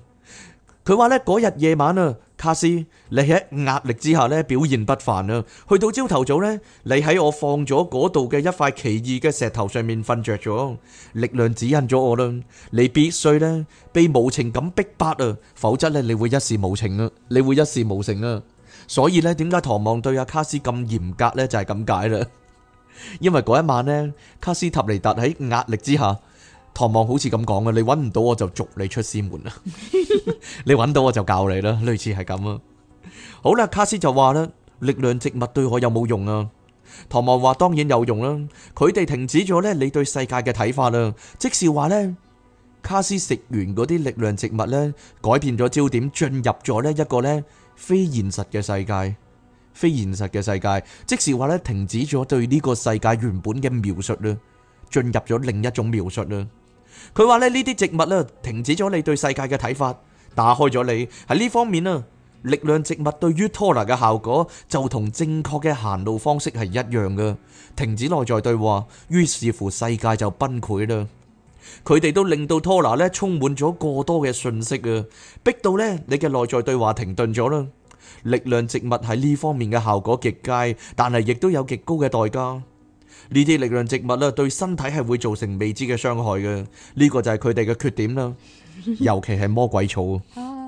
佢話呢嗰日夜晚啊，卡斯，你喺壓力之下呢表現不凡啊。去到朝頭早呢，你喺我放咗嗰度嘅一塊奇異嘅石頭上面瞓着咗，力量指引咗我啦。你必須呢，被無情咁逼迫啊，否則呢，你會一事無情啊，你會一事無成啊。所以呢，點解唐望對阿卡斯咁嚴格呢？就係咁解啦。因為嗰一晚呢，卡斯塔尼達喺壓力之下，唐望好似咁講嘅，你搵唔到我就逐你出師門啦，你搵到我就教你啦，類似係咁啊。好啦，卡斯就話啦，力量植物對我有冇用啊？唐望話當然有用啦，佢哋停止咗呢你對世界嘅睇法啦，即是話呢，卡斯食完嗰啲力量植物呢，改變咗焦點，進入咗呢一個呢非現實嘅世界。非現實嘅世界，即是話咧停止咗對呢個世界原本嘅描述啦，進入咗另一種描述啦。佢話咧呢啲植物咧停止咗你對世界嘅睇法，打開咗你喺呢方面啊力量植物對於托拿嘅效果就同正確嘅行路方式係一樣嘅。停止內在對話，於是乎世界就崩潰啦。佢哋都令到拖拿咧充滿咗過多嘅訊息啊，逼到咧你嘅內在對話停頓咗啦。力量植物喺呢方面嘅效果極佳，但係亦都有極高嘅代價。呢啲力量植物啦，對身體係會造成未知嘅傷害嘅，呢、呢個就係佢哋嘅缺點啦。尤其係魔鬼草。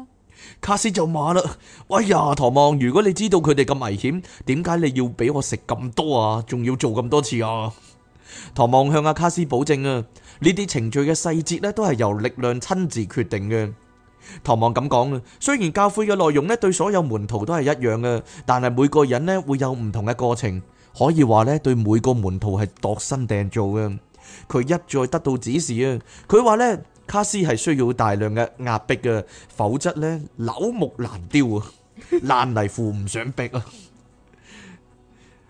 卡斯就罵啦：哎呀，唐望，如果你知道佢哋咁危險，點解你要俾我食咁多啊？仲要做咁多次啊？唐望向阿卡斯保證啊，呢啲程序嘅細節咧，都係由力量親自決定嘅。唐望咁講啦，雖然教誨嘅內容咧，對所有門徒都係一樣嘅，但係每個人咧會有唔同嘅過程，可以話咧對每個門徒係度身訂造嘅。佢一再得到指示啊，佢話咧卡斯係需要大量嘅壓迫啊，否則咧朽木難雕啊，爛泥扶唔上壁啊。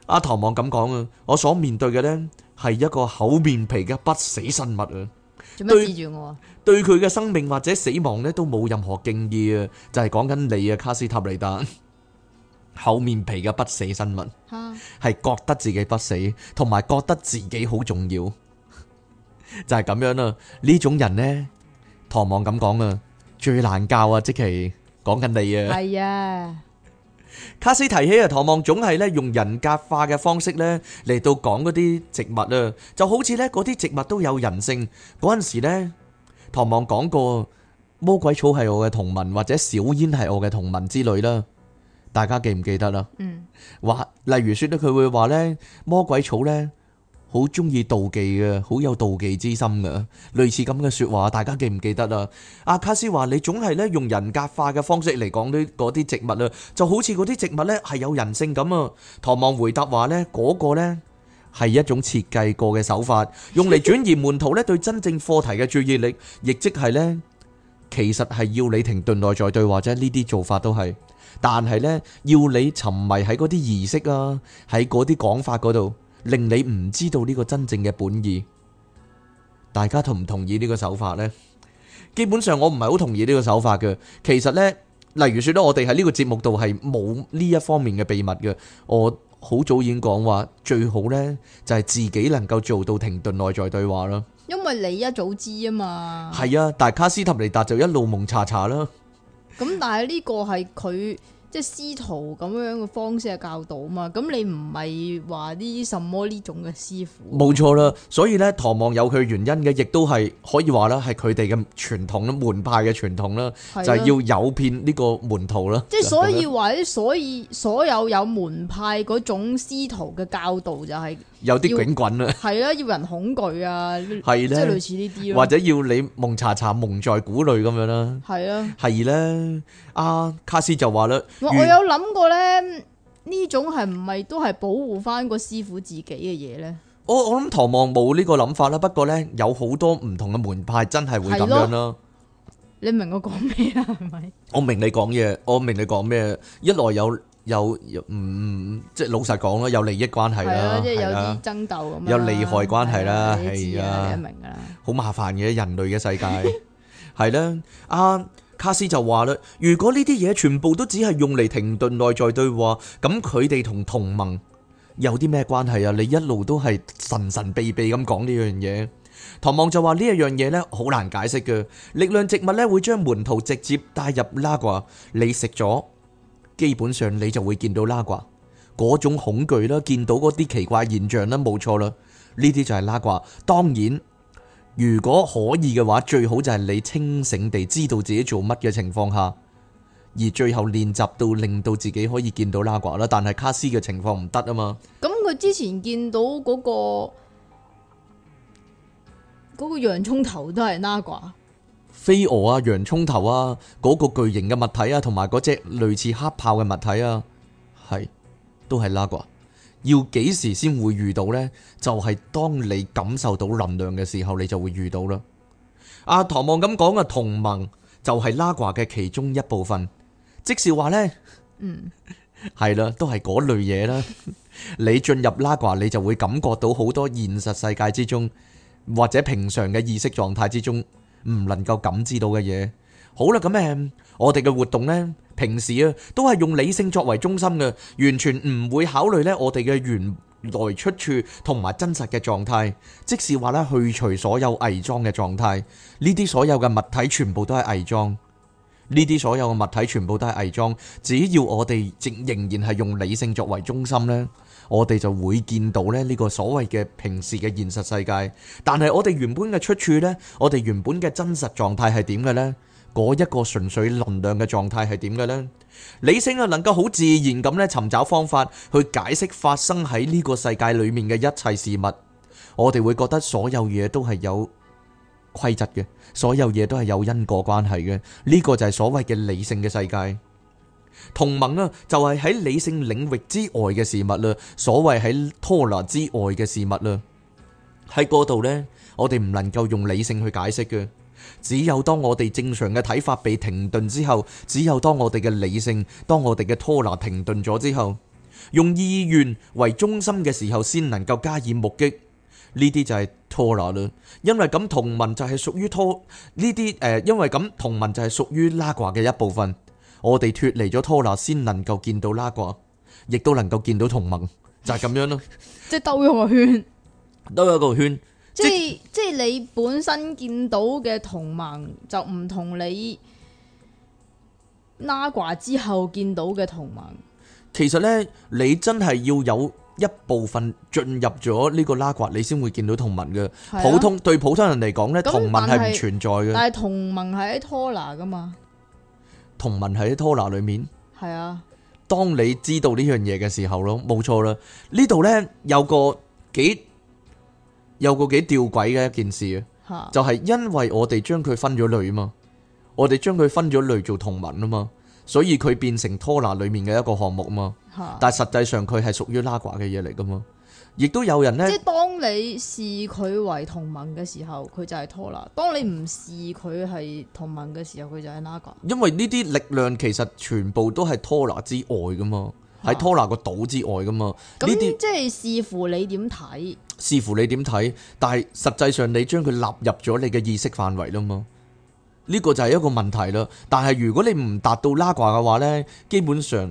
阿唐望咁講啊，我所面對嘅咧係一個厚面皮嘅不死生物啊。對住我，對佢嘅生命或者死亡咧，都冇任何敬意啊！就係講緊你啊，卡斯塔利達厚面皮嘅不死新聞，係覺得自己不死，同埋覺得自己好重要，就係咁樣啦。呢種人咧，唐望咁講啊，最難教啊！即係講緊你啊，係啊。卡斯提起啊，唐望總係咧，用人格化嘅方式咧嚟到講嗰啲植物啊，就好似咧嗰啲植物都有人性。嗰陣時咧，唐望講過魔鬼草係我嘅同盟或者小煙係我嘅同盟之類啦，大家記唔記得啦？嗯，話例如說咧，佢會話咧魔鬼草咧。好中意妒忌嘅，好有妒忌之心嘅，類似咁嘅說話，大家記唔記得啦？阿卡斯話你總係咧用人格化嘅方式嚟講啲嗰啲植物啦，就好似嗰啲植物咧係有人性咁啊！唐望回答話咧，嗰個咧係一種設計過嘅手法，用嚟轉移門徒咧對真正課題嘅注意力，亦即係咧其實係要你停頓內在對話啫。呢啲做法都係，但係咧要你沉迷喺嗰啲儀式啊，喺嗰啲講法嗰度。令你唔知道呢個真正嘅本意，大家同唔同意呢個手法呢？基本上我唔係好同意呢個手法嘅。其實呢，例如說咧，我哋喺呢個節目度係冇呢一方面嘅秘密嘅。我好早已經講話，最好呢就係、是、自己能夠做到停頓內在對話啦。因為你一早知啊嘛。係啊，但係卡斯塔尼達就一路蒙查查啦。咁但係呢個係佢。即係師徒咁樣嘅方式去教導啊嘛，咁你唔係話啲什麼呢種嘅師傅？冇錯啦，所以咧，唐望有佢原因嘅，亦都係可以話啦，係佢哋嘅傳統啦，門派嘅傳統啦，的就係要誘騙呢個門徒啦。即係所以話啲，所以所有有門派嗰種師徒嘅教導就係、是。有啲警棍啦，係啦、啊，要人恐懼啊，啊即係類似呢啲咯，或者要你蒙查查、蒙在鼓裏咁樣啦，係啊，係啦、啊，阿、啊啊、卡斯就話啦，我有諗過咧，呢種係唔係都係保護翻個師傅自己嘅嘢咧？我我諗唐望冇呢個諗法啦，不過咧有好多唔同嘅門派真係會咁樣啦。啊、明明你明我講咩啦？係咪？我明你講嘢，我明你講咩？一來有。有唔、嗯、即係老實講咯，有利益關係啦，啊啊、有爭鬥有利害關係啦，係啊，好、啊、麻煩嘅、啊、人類嘅世界係啦。阿、 啊、卡斯就話啦，如果呢啲嘢全部都只係用嚟停頓內在對話，咁佢哋同同盟有啲咩關係啊？你一路都係神神秘秘咁講呢樣嘢。唐望就話呢一樣嘢呢，好難解釋嘅。力量植物呢，會將門徒直接帶入拉掛，你食咗。基本上你就會見到拉掛嗰種恐懼啦，見到嗰啲奇怪現象啦，冇錯啦，呢啲就係拉掛。當然，如果可以嘅話，最好就係你清醒地知道自己做乜嘅情況下，而最後練習到令到自己可以見到拉掛啦。但係卡斯嘅情況唔得啊嘛。咁佢之前見到嗰個，嗰個洋蔥頭都係拉掛。飛蛾啊、洋蔥頭啊、嗰個巨型嘅物體啊，同埋嗰隻類似黑炮嘅物體啊，係都係拉掛。要幾時先會遇到呢？就係當你感受到能量嘅時候，你就會遇到啦。阿唐望咁講嘅同盟，就係拉掛嘅其中一部分。即是話呢，嗯，係啦，都係嗰類嘢啦。你進入拉掛，你就會感覺到好多現實世界之中或者平常嘅意識狀態之中。唔能夠感知到嘅嘢，好啦，咁誒，我哋嘅活動咧，平時啊都係用理性作為中心嘅，完全唔會考慮咧我哋嘅原來出處同埋真實嘅狀態，即是話咧去除所有偽裝嘅狀態，呢啲所有嘅物體全部都係偽裝，呢啲所有嘅物體全部都係偽裝，只要我哋仍仍然係用理性作為中心咧。我哋就會見到咧呢個所謂嘅平時嘅現實世界，但係我哋原本嘅出處呢，我哋原本嘅真實狀態係點嘅呢？嗰一個純粹能量嘅狀態係點嘅呢？理性啊，能夠好自然咁咧尋找方法去解釋發生喺呢個世界裏面嘅一切事物，我哋會覺得所有嘢都係有規則嘅，所有嘢都係有因果關係嘅。呢個就係所謂嘅理性嘅世界。同盟啊，就係喺理性領域之外嘅事物啦，所謂喺拖拉之外嘅事物啦，喺嗰度呢，我哋唔能夠用理性去解釋嘅，只有當我哋正常嘅睇法被停頓之後，只有當我哋嘅理性，當我哋嘅拖拉停頓咗之後，用意願為中心嘅時候，先能夠加以目擊呢啲就係拖拉啦，因為咁同盟就係屬於拖。呢啲誒，因為咁同盟就係屬於拉瓜嘅一部分。我哋脫離咗拖拉先能夠見到拉掛，亦都能夠見到同盟，就係、是、咁樣咯。即係兜咗個圈，兜咗個圈。即係是即係你本身見到嘅同盟，就唔同你拉掛之後見到嘅同盟。其實呢，你真係要有一部分進入咗呢個拉掛，你先會見到同盟嘅。啊、普通對普通人嚟講呢，同盟係唔存在嘅。但係同盟係喺拖拉噶嘛？同文喺拖拿裏面，係啊。當你知道呢樣嘢嘅時候咯，冇錯啦。呢度呢有個幾有個幾吊詭嘅一件事啊，就係因為我哋將佢分咗類嘛，我哋將佢分咗類做同文啊嘛，所以佢變成拖拿裏面嘅一個項目啊嘛。但係實際上佢係屬於拉呱嘅嘢嚟噶嘛。亦都有人呢，即係當你視佢為同盟嘅時候，佢就係拖拿；當你唔視佢係同盟嘅時候，佢就係拉瓜。因為呢啲力量其實全部都係拖拿之外噶嘛，喺拖拿個島之外噶嘛。咁即係視乎你點睇？視乎你點睇？但係實際上你將佢納入咗你嘅意識範圍啦嘛？呢個就係一個問題啦。但係如果你唔達到拉瓜嘅話呢，基本上。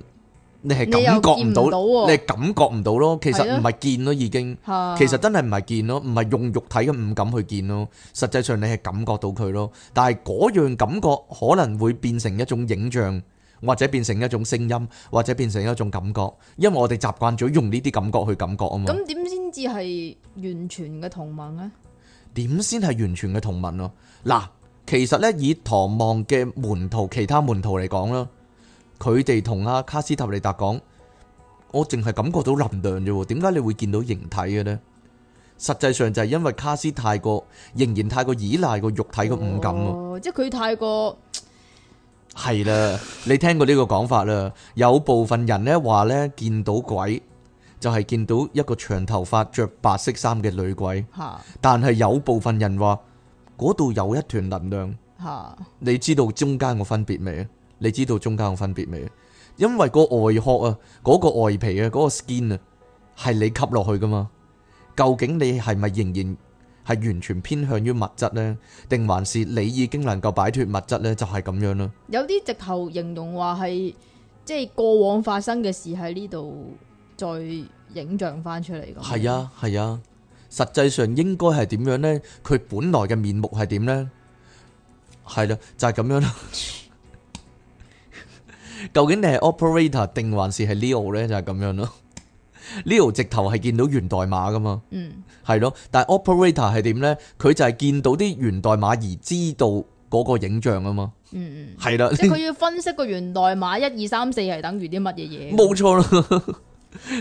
你係感覺唔到，你係感覺唔到咯。其實唔係見咯，已經。嚇！其實真係唔係見咯，唔係用肉體嘅五感去見咯。實際上你係感覺到佢咯，但係嗰樣感覺可能會變成一種影像，或者變成一種聲音，或者變成一種感覺，因為我哋習慣咗用呢啲感覺去感覺啊嘛。咁點先至係完全嘅同盟呢？點先係完全嘅同盟咯？嗱，其實呢以唐望嘅門徒，其他門徒嚟講啦。佢哋同阿卡斯塔利達講：我淨係感覺到能量啫，點解你會見到形體嘅呢？實際上就係因為卡斯太過仍然太過依賴個肉體嘅五感啊！即係佢太過係啦，你聽過呢個講法啦？有部分人呢話呢，見到鬼，就係見到一個長頭髮、着白色衫嘅女鬼。吓，但係有部分人話嗰度有一團能量。吓，你知道中間個分別未啊？你知道中間有分別未？因為個外殼啊，嗰個外皮啊，嗰個 skin 啊，係你吸落去噶嘛？究竟你係咪仍然係完全偏向於物質呢，定還是你已經能夠擺脱物質呢？就係咁樣啦。有啲直頭形容話係即係過往發生嘅事喺呢度再影像翻出嚟嘅。係啊，係啊，實際上應該係點樣呢？佢本來嘅面目係點呢？係啦，就係咁樣啦。究竟你係 operator 定還是係 Leo 咧？就係、是、咁樣咯。Leo 直頭係見到源代碼噶嘛？嗯，係咯。但係 operator 係點咧？佢就係見到啲源代碼而知道嗰個影像啊嘛。嗯嗯，係啦的。即係佢要分析個源代碼一二三四係等於啲乜嘢嘢？冇錯啦。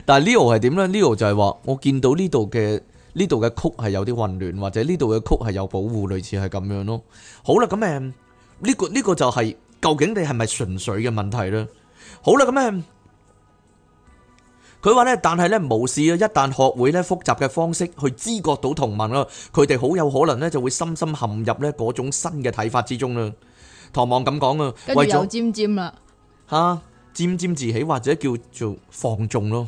但係 Leo 係點咧？Leo 就係話我見到呢度嘅呢度嘅曲係有啲混亂，或者呢度嘅曲係有保護，類似係咁樣咯。好啦，咁誒，呢、這個呢、這個就係、是。究竟你係咪純粹嘅問題咧？好啦，咁咧，佢話咧，但係咧，無視啊！一旦學會咧複雜嘅方式去知覺到同盟啊，佢哋好有可能咧就會深深陷入咧嗰種新嘅睇法之中啦。唐望咁講啊，為咗沾沾啦，吓沾沾自喜或者叫做放縱咯，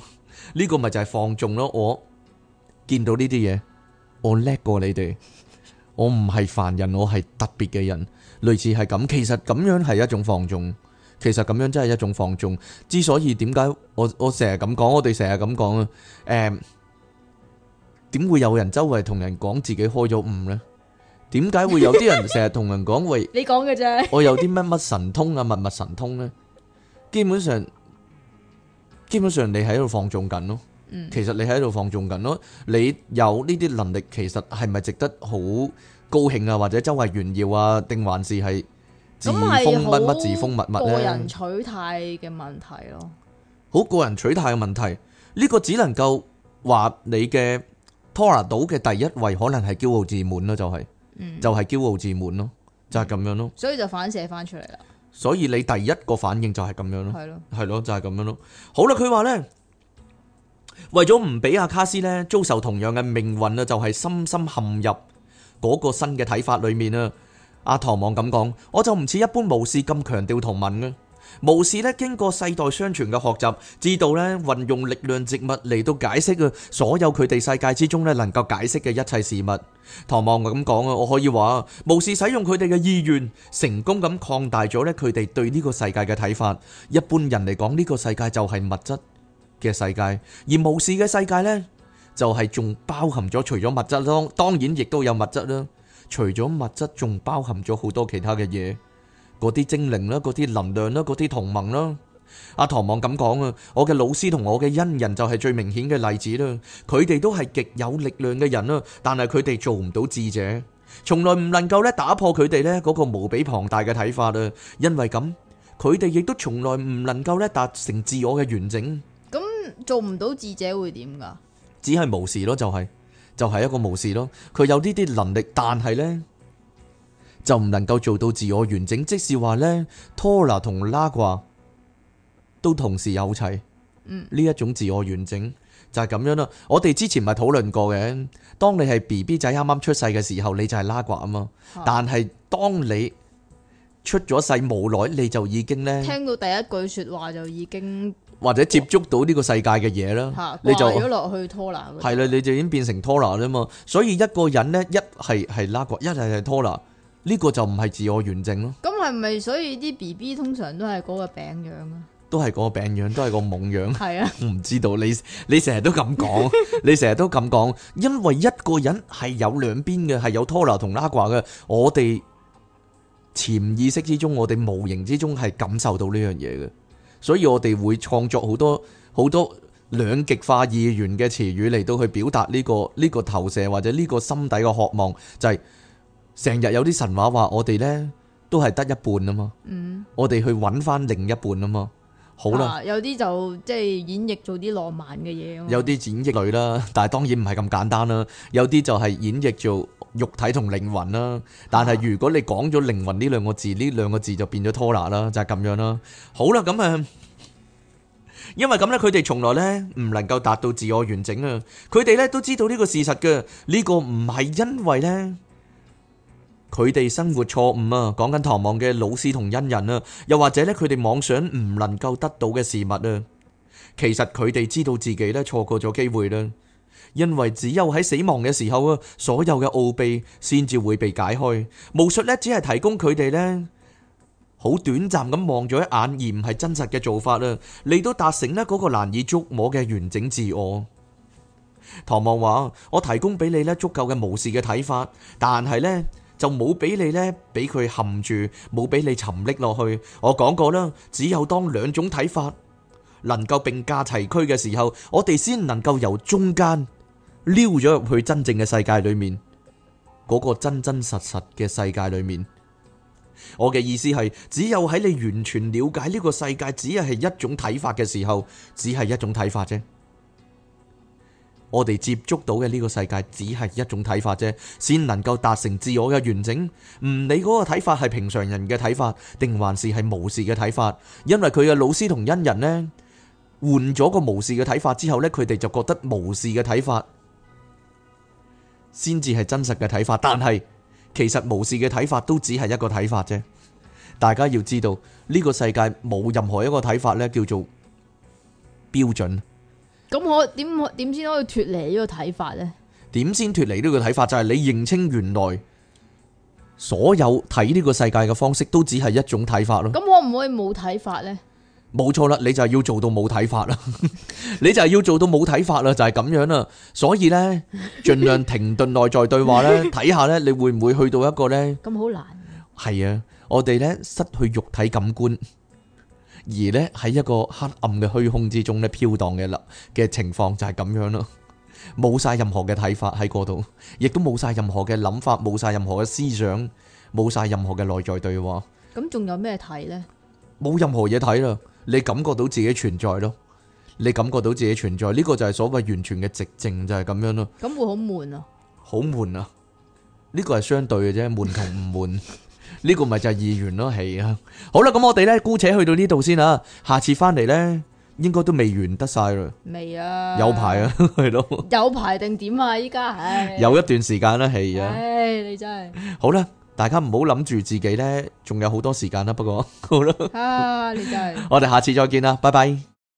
呢個咪就係放縱咯。我見到呢啲嘢，我叻過你哋，我唔係凡人，我係特別嘅人。類似係咁，其實咁樣係一種放縱，其實咁樣真係一種放縱。之所以點解我我成日咁講，我哋成日咁講啊？誒，點會有人周圍同人講自己開咗悟呢？點解會有啲人成日同人講喂？你講嘅啫。我有啲乜乜神通啊，乜乜神通呢？基本上，基本上你喺度放縱緊咯。嗯。其實你喺度放縱緊咯，你有呢啲能力，其實係咪值得好？高興啊，或者周圍炫耀啊，定還是係自封乜乜自封乜乜咧？個人取態嘅問題咯，好個人取態嘅問題，呢個只能夠話你嘅托納島嘅第一位可能係驕傲自滿咯，就係，就係驕傲自滿咯，就係咁樣咯。所以就反射翻出嚟啦。所以你第一個反應就係咁樣咯，係咯，係咯，就係咁樣咯。好啦，佢話咧，為咗唔俾阿卡斯咧遭受同樣嘅命運啊，就係深深陷入。嗰個新嘅睇法裏面啊，阿唐望咁講，我就唔似一般巫士咁強調同文啊。巫士咧，經過世代相傳嘅學習，知道呢運用力量植物嚟到解釋啊所有佢哋世界之中呢能夠解釋嘅一切事物。唐望我咁講啊，我可以話巫士使用佢哋嘅意願，成功咁擴大咗呢佢哋對呢個世界嘅睇法。一般人嚟講，呢、呢個世界就係物質嘅世界，而巫士嘅世界呢。就係仲包含咗除咗物質，當當然亦都有物質啦。除咗物質，仲包含咗好多其他嘅嘢，嗰啲精靈啦，嗰啲能量啦，嗰啲同盟啦。阿唐望咁講啊，我嘅老師同我嘅恩人就係最明顯嘅例子啦。佢哋都係極有力量嘅人啦，但係佢哋做唔到智者，從來唔能夠咧打破佢哋呢嗰個無比龐大嘅睇法啊。因為咁，佢哋亦都從來唔能夠咧達成自我嘅完整。咁做唔到智者會點噶？只係無事咯，就係就係一個無事咯。佢有呢啲能力，但係呢，就唔能夠做到自我完整。即是話呢，Tora 同拉掛都同時有齊。呢一、嗯、種自我完整就係、是、咁樣啦。我哋之前咪討論過嘅，當你係 B B 仔啱啱出世嘅時候，你就係拉掛啊嘛。但係當你出咗世冇耐，你就已經呢？聽到第一句說話就已經。或者接觸到呢個世界嘅嘢啦，你就掉落去拖拿，係啦，你就已經變成拖拿喇嘛。所以一個人呢，一係係拉掛，一係係拖拿，呢個就唔係自我完整咯。咁係咪所以啲 B B 通常都係嗰個病樣啊？都係嗰個病樣，都係個夢樣。係啊，我唔知道你你成日都咁講，你成日都咁講，因為一個人係有兩邊嘅，係有拖拿同拉掛嘅。我哋潛意識之中，我哋無形之中係感受到呢樣嘢嘅。所以我哋會創作好多好多兩極化二元嘅詞語嚟到去表達呢、呢個呢、呢個投射或者呢個心底嘅渴望，就係成日有啲神話話我哋呢都係得一半啊嘛，嗯、我哋去揾翻另一半啊嘛，好啦，啊、有啲就即係、就係、演繹做啲浪漫嘅嘢，有啲演繹類啦，但係當然唔係咁簡單啦，有啲就係演繹做。肉體同靈魂啦，但係如果你講咗靈魂呢兩個字，呢兩個字就變咗拖拿啦，就係、是、咁樣啦。好啦，咁、嗯、啊，因為咁咧，佢哋從來呢唔能夠達到自我完整啊。佢哋呢都知道呢個事實噶，呢、這個唔係因為呢，佢哋生活錯誤啊。講緊唐望嘅老師同恩人啊，又或者呢，佢哋妄想唔能夠得到嘅事物啊，其實佢哋知道自己呢錯過咗機會啦。因為只有喺死亡嘅時候啊，所有嘅奧秘先至會被解開。巫術咧，只係提供佢哋咧好短暫咁望咗一眼，而唔係真實嘅做法啊。你都達成咧嗰個難以捉摸嘅完整自我。唐望話：我提供俾你咧足夠嘅巫士嘅睇法，但係咧就冇俾你咧俾佢陷住，冇俾你沉溺落去。我講過啦，只有當兩種睇法能夠並駕齊驅嘅時候，我哋先能夠由中間。溜咗入去真正嘅世界裏面，嗰個真真實實嘅世界裏面，我嘅意思係只有喺你完全了解呢個世界，只係一種睇法嘅時候，只係一種睇法啫。我哋接觸到嘅呢個世界，只係一種睇法啫，先能夠達成自我嘅完整。唔理嗰個睇法係平常人嘅睇法，定還是係巫士嘅睇法。因為佢嘅老師同恩人呢，換咗個巫士嘅睇法之後咧，佢哋就覺得巫士嘅睇法。先至係真實嘅睇法，但係其實無視嘅睇法都只係一個睇法啫。大家要知道呢個世界冇任何一個睇法呢叫做標準。咁我點點先可以脫離呢個睇法呢？點先脫離呢個睇法？就係你認清原來所有睇呢個世界嘅方式都只係一種睇法咯。咁可唔可以冇睇法呢？冇錯啦，你就係要做到冇睇法啦，你就係要做到冇睇法啦，就係咁樣啦。所以咧，盡量停頓內在對話咧，睇下咧，你會唔會去到一個咧？咁好難。係啊，我哋咧失去肉體感官，而咧喺一個黑暗嘅虛空之中咧飄蕩嘅啦嘅情況就係咁樣咯，冇晒任何嘅睇法喺嗰度，亦都冇晒任何嘅諗法，冇晒任何嘅思想，冇晒任何嘅內在對話。咁仲有咩睇咧？冇任何嘢睇啦。你感覺到自己存在咯，你感覺到自己存在，呢個就係所謂完全嘅寂靜就係咁樣咯。咁會好悶啊？好悶啊？呢個係相對嘅啫，悶同唔悶，呢個咪就係二元咯，係啊。好啦，咁我哋咧姑且去到呢度先啊，下次翻嚟咧應該都未完得晒咯。未啊？有排啊，係咯。有排定點啊？依家係。有一段時間啦，係啊。唉，你真係。好啦。大家唔好諗住自己咧，仲有好多時間啦。不過好啦，啊就是、 我哋下次再見啦，拜拜。